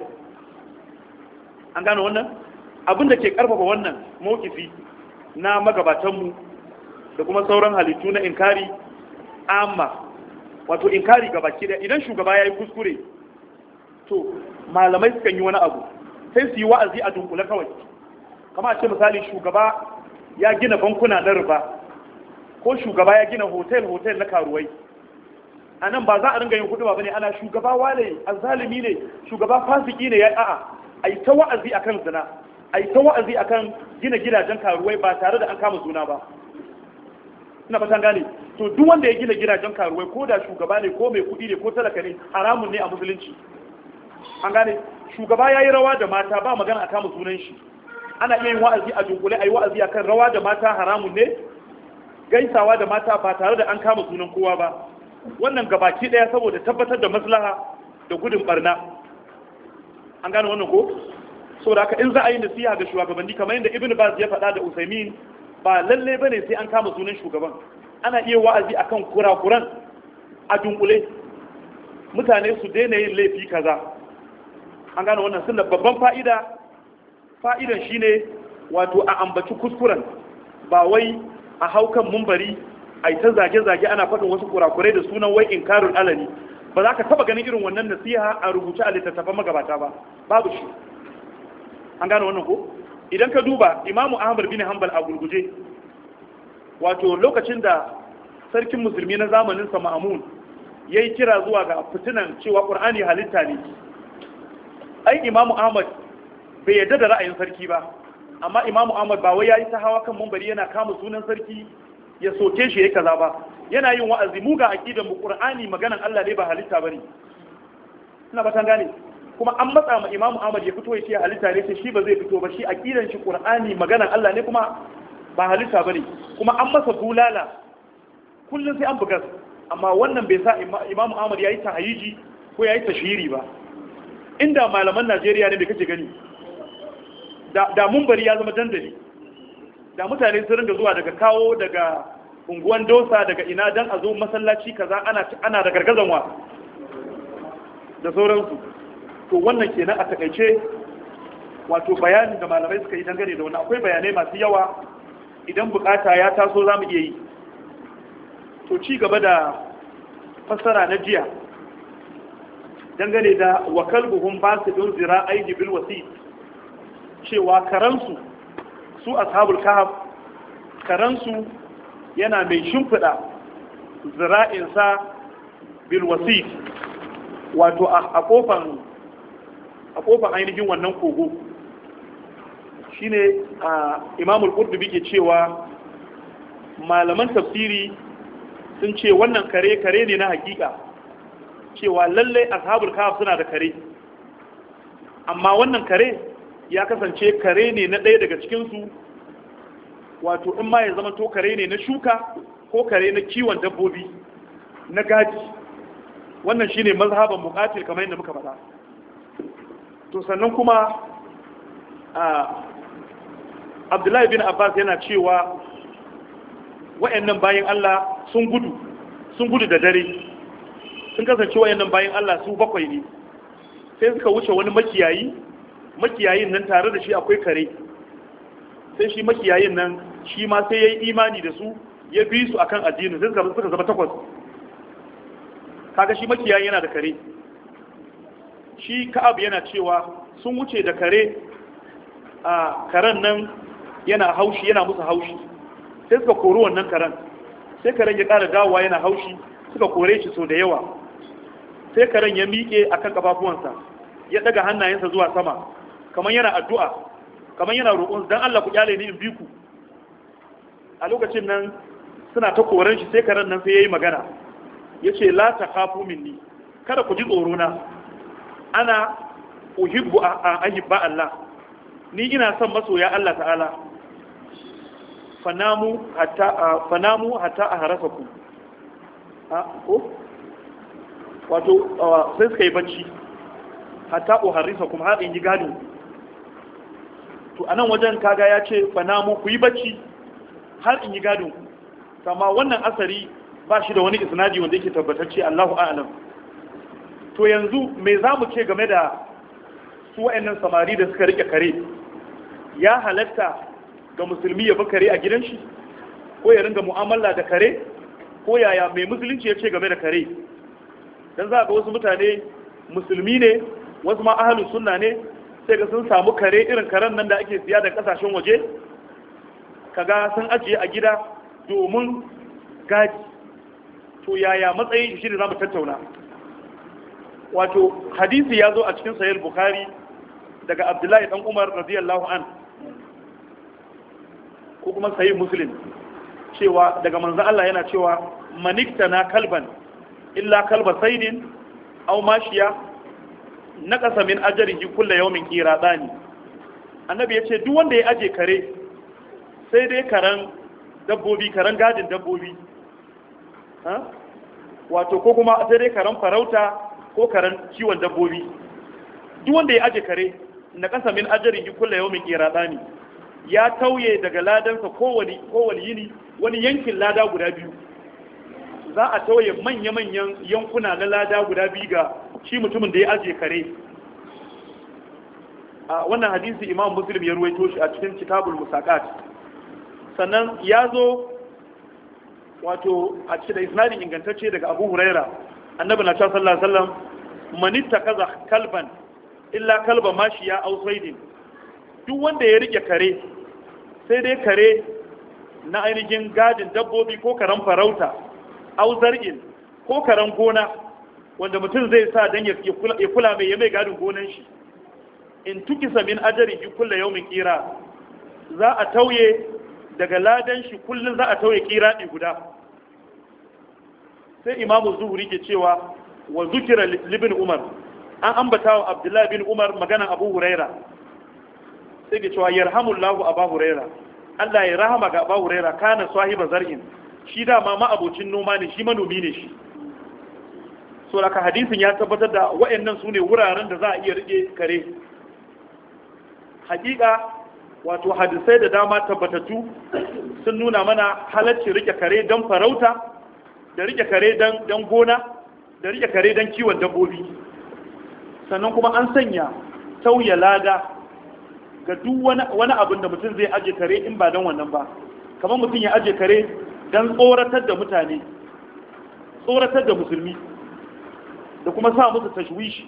Speaker 1: an gane wannan abin da ke karfafa wannan mawkifi na magabatan mu da kuma sauran halittu na inkari amma wato inkari ga baki da idan shugaba ya yi kuskure to malamai sukan yi wani abu sai su yi wa'azi a dunkule kawai kama ce misali shugaba ya gina bankuna na riba ko shugaba ya gina hotel hotel na karuwai a nan ba za a ringa yin hudu ba ne ana shugaba wale azalimi ne shugaba fasiki ne ya a'a a yi ta wa'azi akan zina a yi ta wa'azi akan gina gidajen karuwai ba tare da an kama zuna ba ina fatan gane to duk wanda ya gina gidajen karuwai ko da shugaba ne ko mai kuɗi ne ko talaka ne haramun ne a musulunci an gane shugaba ya yi rawa da mata ba magana a kama sunan shi ana iya yin wa'azi a dunkule a yi wa'azi a kan rawa da mata haramun ne gaisawa da mata ba tare da an kama sunan kowa ba wannan gabaki daya saboda tabbatar da maslaha da gudun barna an gane wannan ko saboda haka in za a yi nasiha ga shugabanni kamar yadda ibn baz ya faɗa da usaimin ba lalle bane sai an kama sunan shugaban ana iya wa'azi akan kurakuran a dunkule mutane su daina yin laifi kaza an gane wannan sunna babban fa'ida fa'idan shine wato a ambaci kuskuren ba wai a haukan mumbari a ta zage-zage ana faɗin wasu kurakurai da sunan wai karin alani ba za ka taɓa ganin irin wannan nasiha a rubuce a littattafan magabata ba babu shi an gane wannan ko idan ka duba imamu ahmad bin hambal a gurguje wato lokacin da sarkin musulmi na zamanin sa ma'amun ya yi kira zuwa ga fitinan cewa ƙur'ani halitta ne ai imamu ahmad bai yarda da ra'ayin sarki ba amma imamu ahmad ba wai ya yi ta hawa kan mambari yana kama sunan sarki ya soke shi yayi kaza ba yana yin wa'azi mu ga aqidar mu qur'ani maganan Allah ne ba halitta bane ina ba gane kuma an matsa ma imamu ahmad ya fito ya ce halitta ne sai shi ba zai fito ba shi aqidan shi qur'ani maganan Allah ne kuma ba halitta bane kuma an masa bulala kullum sai an bugas amma wannan bai sa imamu ahmad yi hayiji ko ya yayi tashiri ba inda malaman Najeriya ne da kake gani da mumbari ya zama dandali da mutane sun ringa zuwa daga kawo daga unguwan dosa daga ina dan a zo masallaci kaza ana ana da gargazan wa da sauransu to wannan kenan a takaice wato bayanin da malamai suka yi dangane da wannan akwai bayanai masu yawa idan bukata ya taso zamu iya yi to ci gaba da fassara na jiya dangane da wakal buhun ba su don zira aiki bil wasi cewa karansu su ashabul kahf karansu yana mai shimfiɗa zira'insa bilwasi wato a kofan ainihin wannan kogo shine a imamul qurtubi ke cewa malaman tafsiri sun ce wannan kare kare ne na hakika cewa lalle ashabul kahf suna da kare amma wannan kare ya kasance kare ne na ɗaya daga cikinsu wato in ma ya zama to kare ne na shuka ko kare na kiwon dabbobi na gaji wannan shine mazhaban muqatil kamar yadda muka faɗa to sannan kuma abdullahi bin abbas yana cewa wa'annan bayan allah sun gudu sun gudu da dare sun kasance wa'annan bayan allah su bakwai ne sai suka wuce wani makiyayi makiyayin nan tare da shi akwai kare sai shi makiyayin nan shi ma sai ya yi imani da su ya bi su akan addinin sai suka zama takwas kaga shi makiyayin yana da kare shi ka'ab yana cewa sun wuce da kare a karen nan yana haushi yana musu haushi sai suka kori wannan karen sai karen ya kara dawowa yana haushi suka kore shi sau da yawa sai karen ya miƙe akan kafafuwansa ya daga hannayensa zuwa sama kamar yana addu'a kamar yana roƙon don Allah ku kyale ni in bi ku a lokacin nan suna ta koren shi sai karen nan sai ya yi magana Ya ce, la takhafu minni kada ku ji tsoro na ana uhibbu a ahibba Allah ni ina son masoya Allah ta'ala fanamu hatta fanamu hatta ku? a ko wato sai suka yi bacci hatta kuma har in yi gado to a nan wajen kaga ya ce fanamu ku yi bacci har in yi gadon ku kama wannan asari ba shi da wani isnadi wanda yake ce Allahu a'lam to yanzu me za mu ce game da su wa'annan samari da suka rike kare ya halatta ga musulmi ya bi kare a gidan shi ko ya ringa mu'amala da kare ko yaya mai musulunci ya ce game da kare dan za ga wasu mutane musulmi ne wasu ma ahlus sunna ne sai ga sun samu kare irin karen nan da ake siya da kasashen waje kaga sun ajiye a gida domin gadi to yaya matsayin shi ne za mu tattauna wato hadisi ya zo a cikin sayar bukari daga abdullahi dan umar radiyallahu an ko kuma sayi musulun cewa daga manzan Allah yana cewa manikta na kalban illa kalba saidin au mashiya Na ƙasa min ajrihi kullu yawmin qiradani annabi ce duk wanda ya aje kare sai dai karan dabbobi karan gadin dabbobi wato ko kuma sai dai karan farauta ko karan ciwon dabbobi duk wanda ya aje kare na kasa min ajrihi kullu yawmin qiradani ya tauye daga ladansa kowani kowani yini wani yankin lada guda biyu za a tauye manya-manyan yankuna na lada guda biyu ga shi mutumin da ya aje kare a wannan hadisi imam muslim ya ruwaito shi a cikin kitabul musaqat sannan ya zo wato a cikin da isnadin ingantacce daga abu huraira annabi na can sallallahu alaihi wasallam manitta kaza kalban illa kalba mashiya ya ausaidin duk wanda ya rike kare sai dai kare na ainihin gadin dabbobi ko karen farauta auzar'in ko karen gona wanda mutum zai sa dan ya kula mai ya mai gadin gonan shi in tukisa min ajari ji kulla yawmin kira za a tauye daga ladan shi kullum za a tauye kira ɗi guda sai imamu zuhuri ke cewa wa zukira libin umar an ambata wa abdullahi bin umar magana abu huraira sai ke cewa yarhamullahu abu huraira Allah ya rahama ga abu huraira kana sahiba zar'in shi dama ma abocin noma ne shi manomi ne shi to laka hadisin ya tabbatar da wayannan sune wuraren da za a iya rike kare hakika wato hadisai da dama tabbatattu sun nuna mana halarci rike kare don farauta da rike kare don gona da rike kare don kiwon dabbobi sannan kuma an sanya tauya lada ga duk wani abin da mutum zai aje kare in ba don wannan ba kamar mutum ya aje kare don tsoratar da mutane tsoratar da musulmi da kuma sa musu tashwishi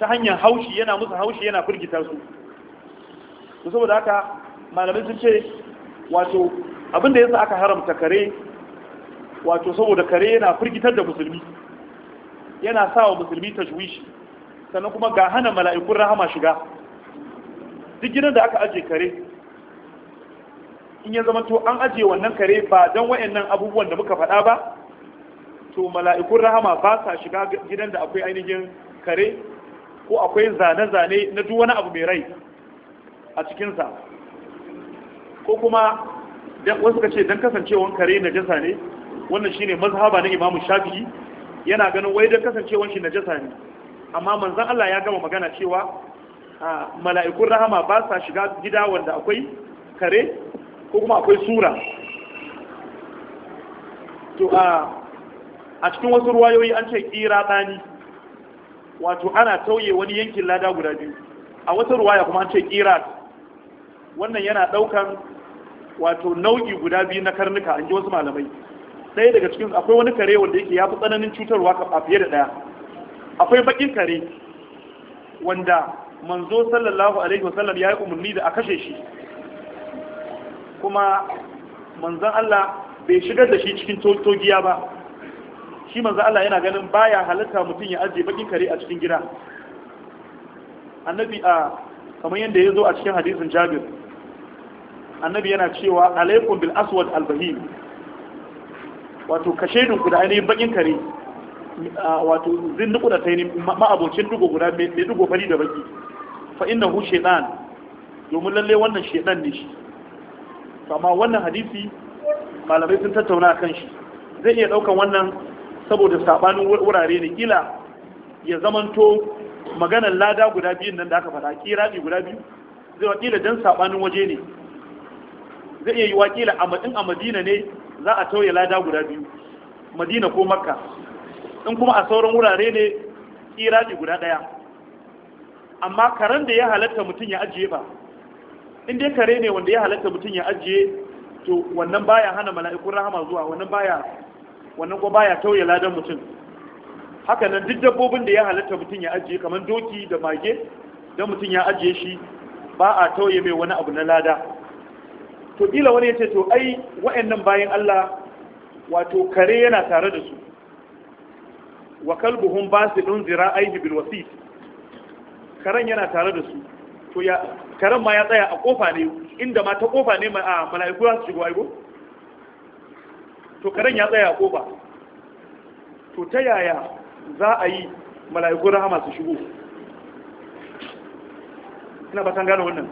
Speaker 1: ta hanyar haushi yana musu haushi yana firgita su to saboda haka malamai sun ce wato abinda yasa aka haramta kare wato saboda kare yana firgitar da musulmi yana sa wa musulmi tashwishi sannan kuma ga hana mala'ikun rahama shiga duk gidan da aka aje kare in ya zama to an aje wannan kare ba don wayannan abubuwan da muka faɗa ba to mala'ikun rahama ba sa shiga gidan da akwai ainihin kare ko akwai zane-zane na duk wani abu mai rai a cikinsa ko kuma wasu ka ce don kasancewan kare na jasa ne wannan ne mazhaba na imamu shafi'i yana ganin wai don kasancewan shi na jasa ne amma manzan Allah ya gama magana cewa mala'ikun rahama ba sa shiga gida wanda akwai kare ko kuma akwai sura a cikin wasu ruwayoyi an ce kira tsani wato ana tauye wani yankin lada guda biyu a wata ruwaya kuma an ce kira wannan yana daukan wato nau'i guda biyu na karnuka an ji wasu malamai ɗaya daga cikin akwai wani kare wanda yake ya fi tsananin cutarwa a fiye da ɗaya akwai bakin kare wanda manzo sallallahu alaihi wasallam ya yi umarni da a kashe shi kuma manzon Allah bai shigar da shi cikin togiya ba shi manzo Allah yana ganin baya halitta mutum ya ajiye bakin kare a cikin gida annabi a ah, kamar yadda ya zo a cikin hadisin jabir annabi yana cewa alaikum bil aswad al bahim wato kashe dinku da ainihin bakin kare ah, wato zin duku da tsaini ma'abocin dugo guda mai dugo fari da baki fa inna hu domin lalle wannan shaytan ne shi amma wannan hadisi malamai sun tattauna kan shi zai iya daukan wannan saboda sabanin wurare ne kila ya zamanto maganar lada guda biyun nan da aka faɗa kirani guda biyu zai wa kila dan sabanin waje ne zai iya yi wa kila a madin a madina ne za a tauye lada guda biyu madina ko makka in kuma a sauran wurare ne kirani guda ɗaya amma karen da ya halatta mutum ya ajiye ba in dai kare ne wanda ya halatta mutum ya ajiye to wannan baya hana mala'ikun rahama zuwa wannan baya wannan kuma baya tauye ladan mutum haka nan duk dabbobin da ya halatta mutum ya ajiye kamar doki da mage don mutum ya ajiye shi ba a tauye mai wani abu na lada to kila wani ya ce to ai wa'annan bayan Allah wato kare yana tare da su wa kalbuhum basidun zira'aihi bil wasit karen yana tare da su to ya karen ma ya tsaya a kofa ne inda ma ta kofa ne ma a mala'iku za su shigo aigo to karen ya tsaya ko ba, to ta yaya za a yi mala'ikun rahama su shigo ina batan gane wannan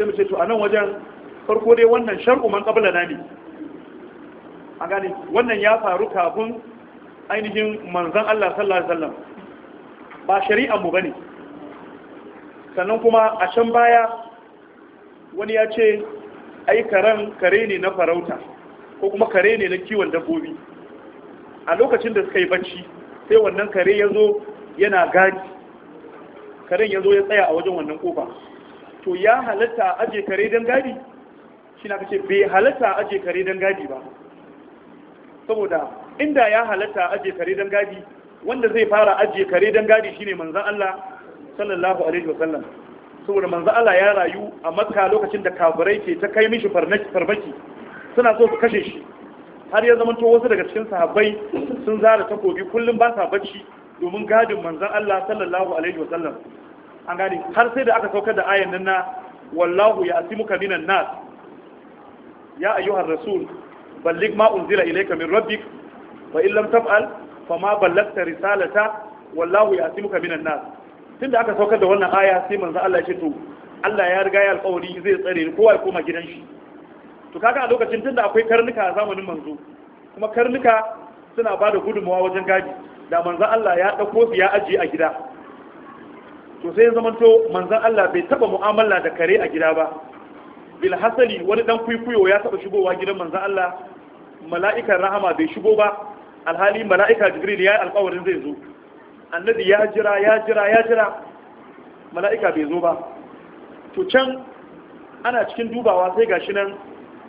Speaker 1: sai mu ce to a nan wajen farko dai wannan shar'uman man qabla na ne a gane wannan ya faru kafin ainihin manzan Allah sallallahu alaihi wasallam ba shari'a mu bane sannan kuma a can baya wani ya ce ai karen kare ne na farauta ko kuma kare ne na kiwon dabbobi a lokacin da suka yi bacci sai wannan kare ya zo yana gadi karen ya zo ya tsaya a wajen wannan kofa to ya halatta a aje kare don gadi shi na kace bai halatta a aje kare don gadi ba saboda inda ya halatta a aje kare don gadi wanda zai fara aje kare don gadi shine manzon Allah sallallahu alaihi wasallam saboda manzon Allah ya rayu a Makka lokacin da kafirai ke ta kai mishi farmaki suna so su kashe shi har ya zama wasu daga cikin sahabbai sun zara takobi kullum ba sa bacci domin gadin manzan Allah sallallahu alaihi wa sallam an har sai da aka saukar da ayan nan na wallahu ya asimuka minan nas ya ayyuhar rasul balligh ma unzila ilayka min rabbik fa in lam taf'al fama ballagta risalata wallahu ya asimuka minan nas tunda aka saukar da wannan aya sai manzan Allah ya ce to Allah ya riga ya alƙawari zai tsare ni kowa ya koma gidan shi to kaga a lokacin tunda akwai karnuka a zamanin manzo kuma karnuka suna ba da gudunmawa wajen gadi da manzan Allah ya ɗauko su ya ajiye a gida to sai zamanto manzan Allah bai taɓa mu'amala da kare a gida ba bil hasali wani dan kuikuyo ya taɓa shigowa gidan manzan Allah mala'ikan rahama bai shigo ba alhali mala'ika jibril ya yi alƙawarin zai zo annabi ya jira ya jira ya jira mala'ika bai zo ba to can ana cikin dubawa sai gashi nan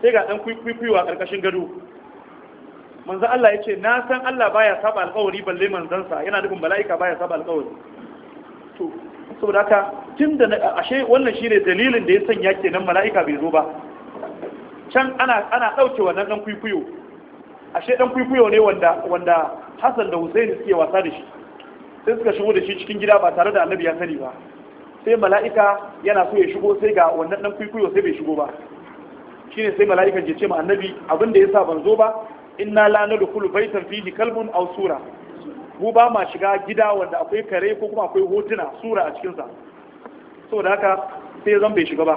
Speaker 1: sai ga ɗan kwikwikwiwa a ƙarƙashin gado manzan Allah ya ce na san Allah baya saba alƙawari balle manzansa yana nufin mala'ika baya saba alƙawari to saboda haka tun da ashe wannan shine dalilin da ya sanya kenan mala'ika bai zo ba can ana ana ɗauke wannan ɗan kwikwiyo ashe ɗan kwikwiyo ne wanda wanda Hassan da Hussein suke wasa da shi sai suka shigo da shi cikin gida ba tare da annabi ya sani ba sai mala'ika yana so ya shigo sai ga wannan ɗan kwikwiyo sai bai shigo ba shine sai mala'ika ke ce ma annabi abin da yasa ban zo ba inna la nadkhulu baitan fihi kalbun aw sura mu ba ma shiga gida wanda akwai kare ko kuma akwai hotuna sura a cikin sa saboda haka sai zan bai shiga ba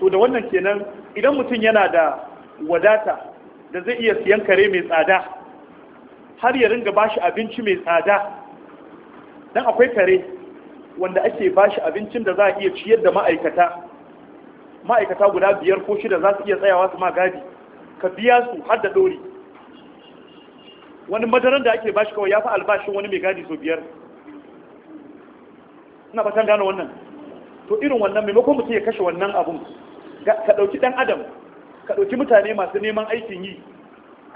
Speaker 1: to da wannan kenan idan mutum yana da wadata da zai iya siyan kare mai tsada har ya ringa bashi abinci mai tsada dan akwai kare wanda ake bashi abincin da za a iya ciyar da ma'aikata ma'aikata guda biyar ko shida za su iya tsayawa su ma gadi ka biya su har da wani madaran da ake bashi kawai ya fi albashin wani mai gadi sau biyar na fatan gano wannan to irin wannan maimakon mutum ya kashe wannan abun ka ɗauki ɗan adam ka ɗauki mutane masu neman aikin yi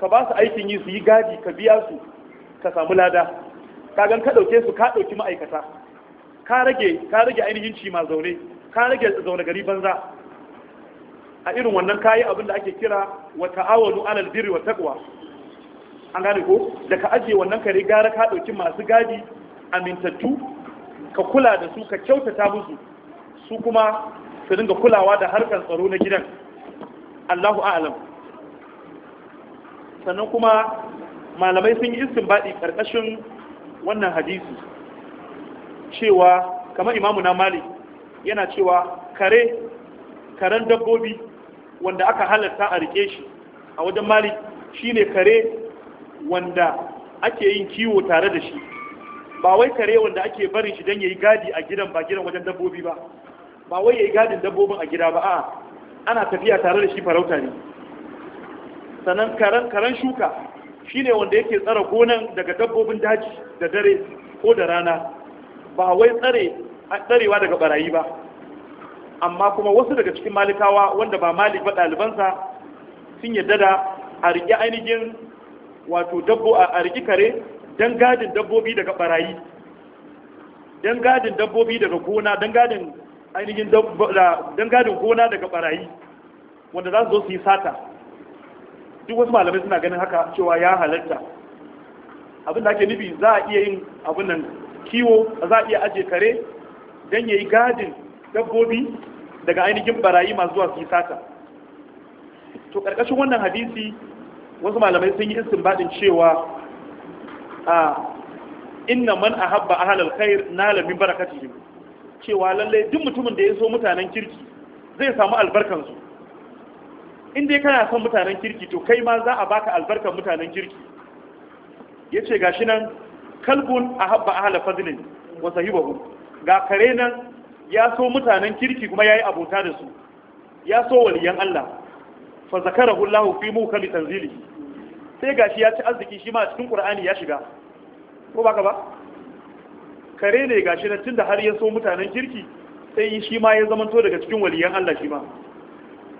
Speaker 1: ka ba su aikin yi su yi gadi ka biya su ka samu lada kagan ka ɗauke su ka ɗauki ma'aikata ka rage ainihin cima zaune ka rage zaune gari banza a irin wannan kayi abin da ake kira wa ta'awanu alal birri wa taqwa an gane ko da ka ajiye wannan kare gara ka dauki masu gadi amintattu ka kula da su ka kyautata musu su kuma su dinga kulawa da harkar tsaro na gidan Allahu a'lam sannan kuma malamai sun yi istinbadi karkashin wannan hadisi cewa kamar imamu na Mali yana cewa kare karen dabbobi wanda aka halarta a rike shi a wajen malik ne kare wanda ake yin kiwo tare da shi ba wai kare wanda ake barin shi don ya yi gadi a gidan ba gidan wajen dabbobi ba ba wai ya yi gadin dabbobin a gida ba a ana tafiya tare da shi farauta ne sannan karen shuka shi ne wanda yake tsara gonan daga dabbobin daji da dare ko da rana ba wai tsarewa daga barayi ba amma kuma wasu daga cikin malikawa wanda ba malik ba ɗalibansa sun yadda da a riƙe ainihin wato dabbo a riƙe kare don gadin dabbobi daga barayi don gadin dabbobi daga gona don gadin ainihin don gadin gona daga barayi wanda za su zo su yi sata duk wasu malamai suna ganin haka cewa ya halatta abin da ake nufi za a iya yin abin nan kiwo za a iya aje kare don ya yi gadin dabbobi daga ainihin barayi masu zuwa su sata to karkashin wannan hadisi wasu malamai sun yi istinbadin cewa a inna man ahabba ahlal khair nala min barakatihim cewa lalle duk mutumin da ya so mutanen kirki zai samu albarkan su in dai kana son mutanen kirki to kai ma za a baka albarkan mutanen kirki yace gashi nan kalbun ahabba ahla fadlin wa sahibahu ga kare nan ya so mutanen kirki kuma ya yi abota da su ya so waliyan Allah fa zakarahu Allah fi mukalli tanzili sai gashi ya ci arziki shi ma cikin Qur'ani ya shiga ko baka ba kare ne gashi na tunda har ya so mutanen kirki sai shi ma ya zamanto daga cikin waliyan Allah shi ma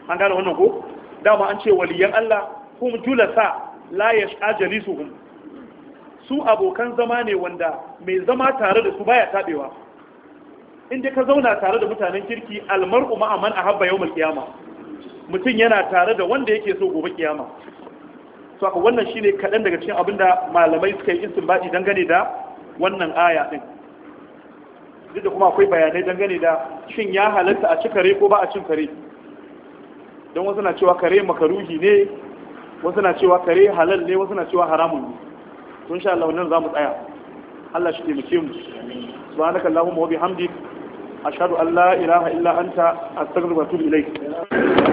Speaker 1: an gane wannan ko dama an ce waliyan Allah hum julasa la yashqa jalisuhum su abokan zama ne wanda mai zama tare da su baya tabewa in dai ka zauna tare da mutanen kirki almar'u ma'a man ahabba yawmal kiyama mutum yana tare da wanda yake so gobe kiyama to aka wannan shine kadan daga cikin abinda malamai suka yi istinbadi dangane da wannan aya din duk da kuma akwai bayanai dangane da shin ya halatta a ci kare ko ba a cin kare don wasu na cewa kare makaruhi ne wasu na cewa kare halal ne wasu na cewa haramun ne to insha Allah wannan zamu tsaya Allah shi taimake mu subhanakallahumma wa bihamdika ashhadu an la ilaha illa a astaghfiruka wa atubu ilayk